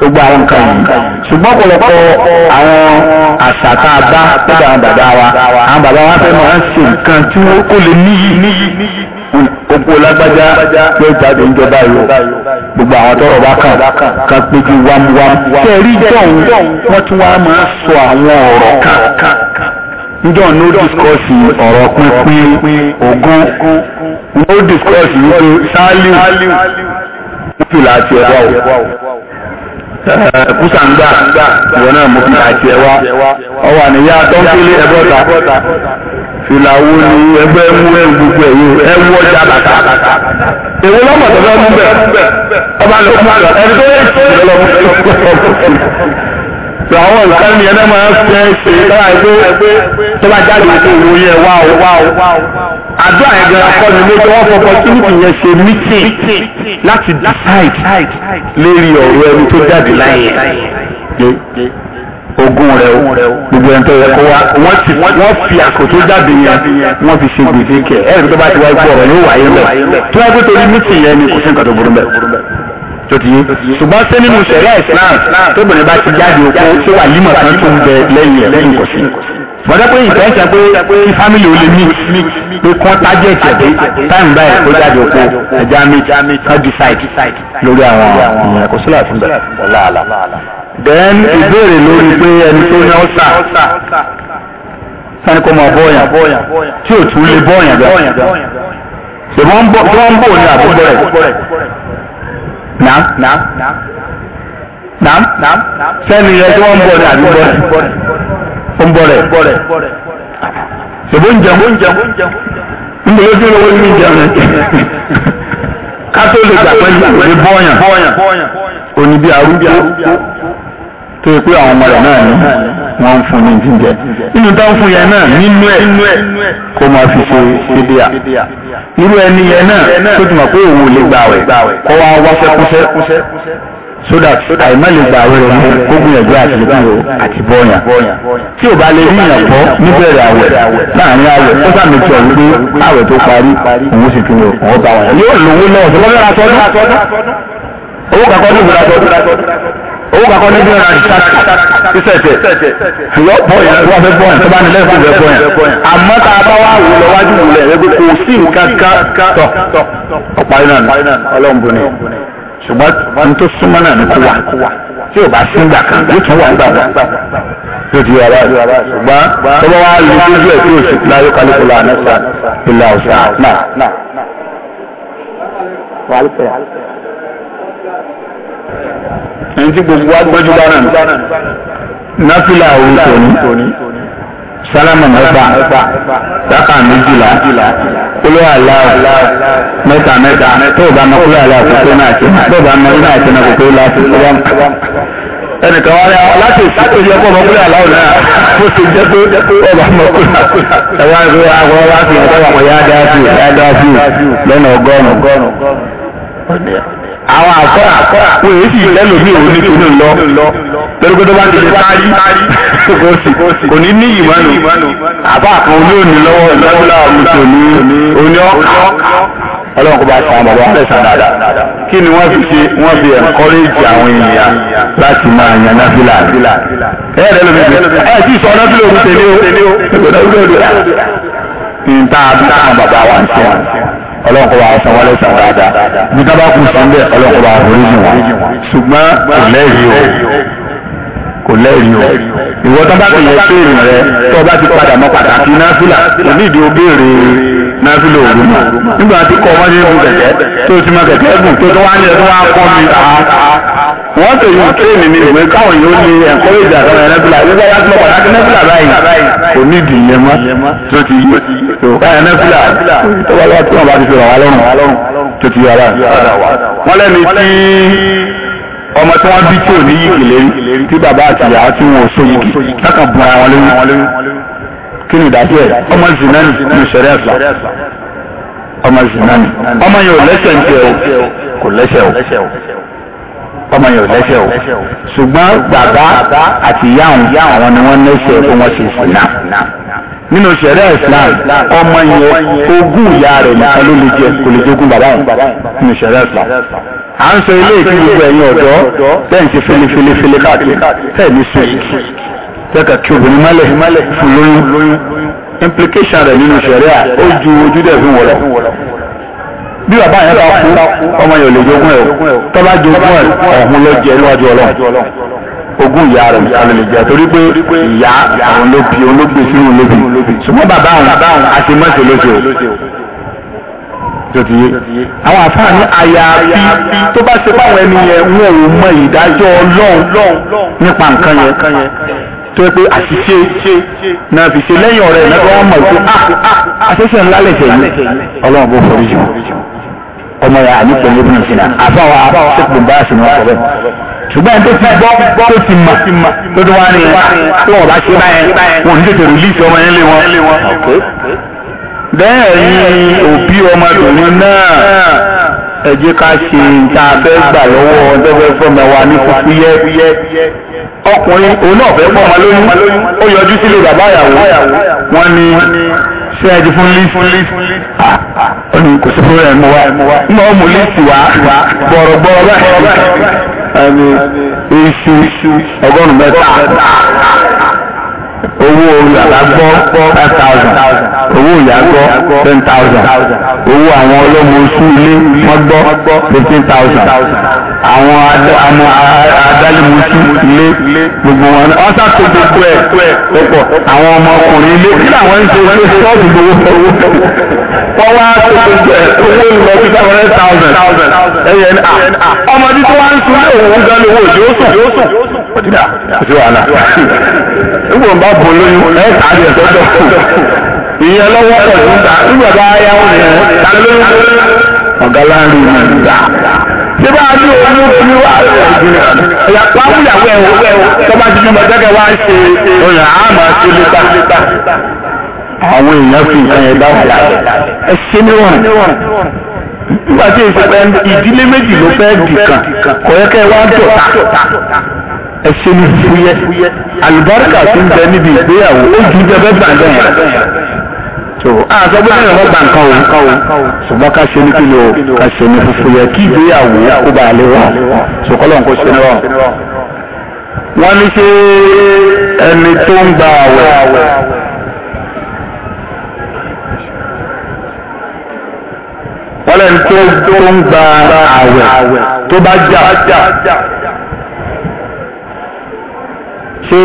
gbogbo àwọn nǹkan yìí ṣùgbọ́n awọn àwọn àṣà bá àwọn bàbá wa àwọn bàbá wa fẹ́ máa ń nǹkan tí wọ́n kò lè níyì gbogbo lágbájá yóò jáde ń jọba gbogbo àwọn tọrọ bá sọ àwọn kan njọ no discourse ọ̀rọ̀ pínpín no wípé kúsàngbà wọn náà mú àti ẹwà ọwà níyà tọ́ńkìlì ẹ̀bọ́ta ìlàwó ni ẹgbẹ́ mú ẹ gbogbo ẹ̀yẹ ẹwú ọjà bàtà. èwo lọ́mọ tó fẹ́ mú bẹ̀ ọba lọ fún àlọ́ ẹni tó yẹ kí ló lọ́mọ tó fẹ́ mú àwọn nǹkan ni ẹni máa ń fẹ́ ṣe tọ́ba ẹgbẹ́ tọ́ba jáde ètò òwò yẹ wá o wá o àdúrà yẹn gan akọ ni lójú wọn fọpọ tí nìkì yẹn ṣe mítìn láti decide lérí ọ̀rọ̀ ẹni tó jáde láyé ogún rẹ o gbogbo ẹni tó yẹ kó wá wọn ti wọn fi àkótó jáde yẹn wọn fi ṣe gbèdéke ẹni tó bá ti wá ikú ọ̀rọ̀ yóò wáyé mẹ tó yẹ kó torí mítìn yẹn ni kò sí nǹkan tó burú mẹ tó ti yé ṣùgbọ́n sẹ́ni mo ṣẹ̀rí àìsàn tó bẹ̀rẹ̀ bá ti jáde okó tó wà límọ̀ kan tó ń bẹ lẹ́yìn ẹ̀ lẹ́yìn kò bọ́dọ̀ pé ìfẹ́ ń sọ pé kí fámìlì ò lè mí pé kán tájẹ̀tì ẹ̀ pé táìmù báyìí kó jáde òkú ẹja mi kán decide lórí àwọn ìyẹn kò sílẹ̀ fún bẹ́ẹ̀ ọ̀la then ìbéèrè lórí pé ẹni tó ní ọ̀sà sani kò mọ bọ́ọ̀yàn tí ò tún lè bọ́ọ̀yàn bẹ́ẹ̀ ṣùgbọ́n wọ́n ń bò ní àbúgbò rẹ̀ nàá nàá sẹ́ni yẹn ń bọ̀ ní àbúgbò rẹ̀ ń bọ̀ rẹ̀ ṣèbó ń jẹun ń bọ̀ lójú lówó ní ìjẹun rẹ̀ kátó lè gbà pẹ́lú ìwé bọ́ọ̀yàn òní bí arú tó yẹ pé àwọn ọmọ rẹ̀ náà ni wọ́n ń fún ní jíjẹ nínú táwọn fún yẹn náà nínú ẹ̀ kó máa fi ṣe bíbíà irú ẹni yẹn náà tó ti mọ̀ pé òun ò lè gbà wẹ̀ kó wá wáṣẹ́ kúṣẹ́ so that àìmọ́ lè gbà wẹ̀rẹ̀ mú kó gbìyànjú àti lùkúrò àti bọ́ọ̀yàn tí ò bá lè rí ìyàn bọ́ níbẹ̀rẹ̀ àwẹ̀ láàrin àwẹ̀ ó sàmì tí ọ̀hún pé àwẹ̀ tó parí òun sì tún lò wọ́n bá wọn. yóò lówó náà tó lọ́wọ́ ra tọ́dún owó kankan ní ìgbéra tọ́dún owó kankan ní ìgbéra ìṣàkì ìṣẹ̀tẹ̀ ṣùgbọ́n bọ́ọ̀yàn tó wà fẹ́ bọ́ọ̀yàn tó bá ní lẹ́sìn fẹ́ ṣùgbọ́n n tó súnmọ́ náà ní kó wà tí ò bá sí ìgbà kan yóò tún wà ń gbà wà yóò ti yàrá ṣùgbọ́n tó bá wà lè dójú ẹ̀ tí òṣù náà yóò kálí kóló ànásà ilẹ̀ ọ̀sà náà. ẹni tí gbogbo agbẹ́jú bá náà náfìlà òun tòní sálámà mẹ́fà dákà méjìlá kúló àlá mẹ́ta mẹ́ta tó o bá mọ kúló àlá àkókò náà ti tó o bá mọ iná àti náà kókó láti kúló àmà. ẹnìkan wá rẹ láti ìsàkó yẹ kó ọmọ kúló àlá ò náà bó ti jẹ pé ọba mọ kúló ẹwà ń lo àwọn ọba fi ọba wọn yá dáa sí yá dáa sí lọ́nà ọgọ́rùn-ún àwọn àfọ àpò èyí sì lẹ́lòmíì òun ní tòun lọ lórúkọ tó bá ti lè parí kò ní ní ìmánu àbá àpò olóòní lọ́wọ́ ìlọ́wọ́lá mùsùlùmí oní ọ̀kà ọlọ́run kó bá san àwọn bàbá rẹ̀ san dáadáa kí ni wọ́n fi ṣe wọ́n fi ẹ̀ńkọ́rẹ́jì àwọn ènìyàn láti máa yan náfìlà ẹ̀ ẹ̀ lẹ́nu bíbí ẹ̀ sì sọ náfìlà òun tẹ̀lé o ìgbọ̀dọ̀ gbọ̀dọ̀ nta àbí àwọn bàbá wa ń ṣe wọn ọlọ́run kọ́ bá san wọlé san dáadáa ní ká bá kú sí ilé ọlọ́run kọ́ bá orí jù wọn ṣùgbọ́n kò lẹ́rìí o kò lẹ́rìí o ìwọ tó bá ti yẹ fèrè rẹ tó bá ti padà mọ pàtàkì náà fìlà kò ìdí o béèrè náfìlì òru mọ̀ nígbà tí kọ́ ọmọdé ń gun kẹ̀kẹ́ tó ti mọ kẹ̀kẹ́ gùn tó tó wá ní ẹ̀tọ́ wá kọ́ mi wọ́n tó yún tírénì ní ìwé káwọn yóò ní ẹ̀kọ́ ìjà àtàwọn ẹ̀nẹ́fìlà nígbà yá tó wà láti nẹ́fìlà báyìí kò ní ìdí ìyẹn mọ́ tó ti yí tó báyìí nẹ́fìlà tó bá yá tó wọn bá ti fi rà wá lọ́rùn tó ti yára wọ́n lẹ́ni tí ọmọ tí wọ́n bí tí ò ní yìgì lérí tí bàbá àti tí wọ́n ò Kini e, ni ìdájọ́ ẹ̀ zinani ní sẹ̀rẹ̀ àgbà ọmọ zinani ọmọ yẹn ò lẹ́sẹ̀ ń tẹ o kò lẹ́sẹ̀ o ọmọ yẹn ò lẹ́sẹ̀ o ṣùgbọ́n bàbá àti ìyá àwọn ni wọ́n lẹ́sẹ̀ pé wọ́n ṣe zina nínú sẹ̀rẹ̀ islam ọmọ yẹn ogún ìyá rẹ̀ nìkan ló lè jẹ kò lè jogún bàbá yẹn nínú sẹ̀rẹ̀ islam à ń sọ ilé ìkíni gbogbo ẹ̀yin ọ̀dọ́ bẹ́ẹ̀ ń ṣe fele fele káàkiri bẹ́ẹ̀ ní tẹ́ka kí obìnrin mọ́lẹ̀ fún lóyún implication rẹ̀ nínú ṣẹ̀ríà ó ju ojú dẹ̀ fún wọ̀lọ́ bí bàbá yẹn bá kú ọmọ yẹn ò lè jogún ẹ̀ o tó bá jogún ẹ̀ ọ̀hún ló jẹ níwájú ọlọ́run ogún ìyá rẹ̀ nìkan lè jẹ torí pé ìyá òun ló bí òun ló gbé sínú lóbi ṣùgbọ́n bàbá òun àti mọ́sẹ̀ ló ṣe o jòdìye àwọn àfáàní àyàfi tó bá ṣe báwọn ẹni yẹn wọn ò mọ ìdájọ́ ọlọ́run nípa nǹkan yẹn tó yẹ pé àṣìṣe náà fi ṣe lẹ́yìn ọ̀rẹ́ náà wọ́n mọ̀ pé àṣìṣe ah, ah, ńlá lẹ̀ṣẹ̀ yìí ọlọ́run bó forí jù ọmọ yà á ní pẹ̀lú ibùdó sínú àfáwà sẹ́kùn bá sínú ọkọ̀ bẹ́ẹ̀ ṣùgbọ́n ẹni tó ti gbọ́ tó ti mọ̀ tó ti wá ní tí wọ́n bá ṣe báyẹn wọn ní tètè rìlíìsì ọmọ yẹn lé wọn. bẹ́ẹ̀ ni òbí ọmọbìnrin náà ẹ jẹ́ ká ṣe nta fẹ́ gbà lọ́wọ́ wa ní kúkú yẹ ọkùnrin òun náà fẹ́ fọmọ lóyún ó yọjú sílé bàbá wọn ni ṣé ẹ fún wa báyìí ẹni owó olùyàgbá gbọ́ five thousand owó ìyá gbọ́ ten thousand owó àwọn ọlọ́mọ oṣù ilé wọ́n gbọ́ fifteen thousand àwọn àmọ́ adálẹ́mọṣú ilé gbogbo wọn wọ́n ṣàtò gbogbo ẹ̀ pẹ̀pọ̀ àwọn ọmọkùnrin ilé kí làwọn ń ṣe ṣe ṣọ́ọ̀bù gbogbo wọ́n wá ṣe gbogbo ẹ̀ owó ìlọ sí seven hundred thousand ẹ̀yẹ̀ ní à ọmọdé tó wá ń sun ní òun gan lówó òjò sùn ọ̀tídà sí wàhálà nígbà bá bò lóyún ẹ̀ tàbí ẹ̀ tọ́jọ́ kù ìyẹn lọ́wọ́ pẹ̀lú nígbà nígbà bá yá wọn yẹn tàbí lóyún ọ̀gá láàrin ìmọ̀ a ní oyún bí wà á rẹ̀ jìnnà ẹ̀yà pàmùyàwó ẹ̀ wọ́n ẹ̀ tó bá ti bímọ jẹ́gẹ̀ wá ṣe ọ̀yàn á máa ṣe lépa. àwọn èèyàn fi nǹkan yẹn dá wàhálà ẹ ṣe níwọ̀n nígbà tí èsì ìdílé méjì ló fẹ́ dìkan kọ̀yẹ́kẹ́ wá dọ̀tà ẹsẹ ní fúyẹ́ alùbáríkà tó ń bẹ níbi ìgbéyàwó ó ju jẹbẹ gbàgbẹ yẹn so àtọ bí wọn yọrọ gbà nǹkan o ṣùgbọ́n ká ṣe ní kí ni o ká ṣe ní fúfúyẹ́ kí ìgbéyàwó kó bá lè wà sọkọlọ nǹkan ṣe ní wọn. wọ́n ní ṣe ẹni tó ń gba àwẹ̀. wọ́n lẹ́ni tó ń gba àwẹ̀ tó bá jà ṣé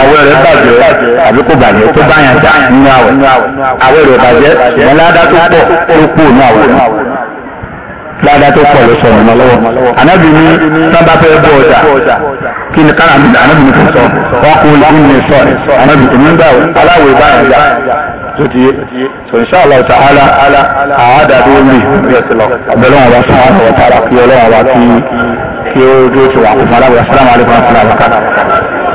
àwẹ̀ rẹ̀ bàjẹ́ àbí kò bàjẹ́ tó bá yàn jà nínú àwẹ̀ àwẹ̀ rẹ̀ bàjẹ́ ṣùgbọ́n ládá tó pọ̀ tó kú òun àwẹ̀ náà ládá tó pọ̀ ló sọ̀rọ̀ ọ̀nà lọ́wọ́ anábì ní sábà fẹ́ bọ́ ọjà kí ni kára mi anábì ní kò sọ wọn kò lè ní sọ anábì èmi ń gbà aláwẹ̀ bá yàn jà tó ti yé so inshallah ta'ala àádá tó ń bì abẹ́lẹ́ wọn bá sọ wọn àwọn tààrà kí ọlọ́wọ́n wá kí kí ó dúró ti wà kó fún aláwọ̀ assalamu alaikum warahmatullahi wabarakatuh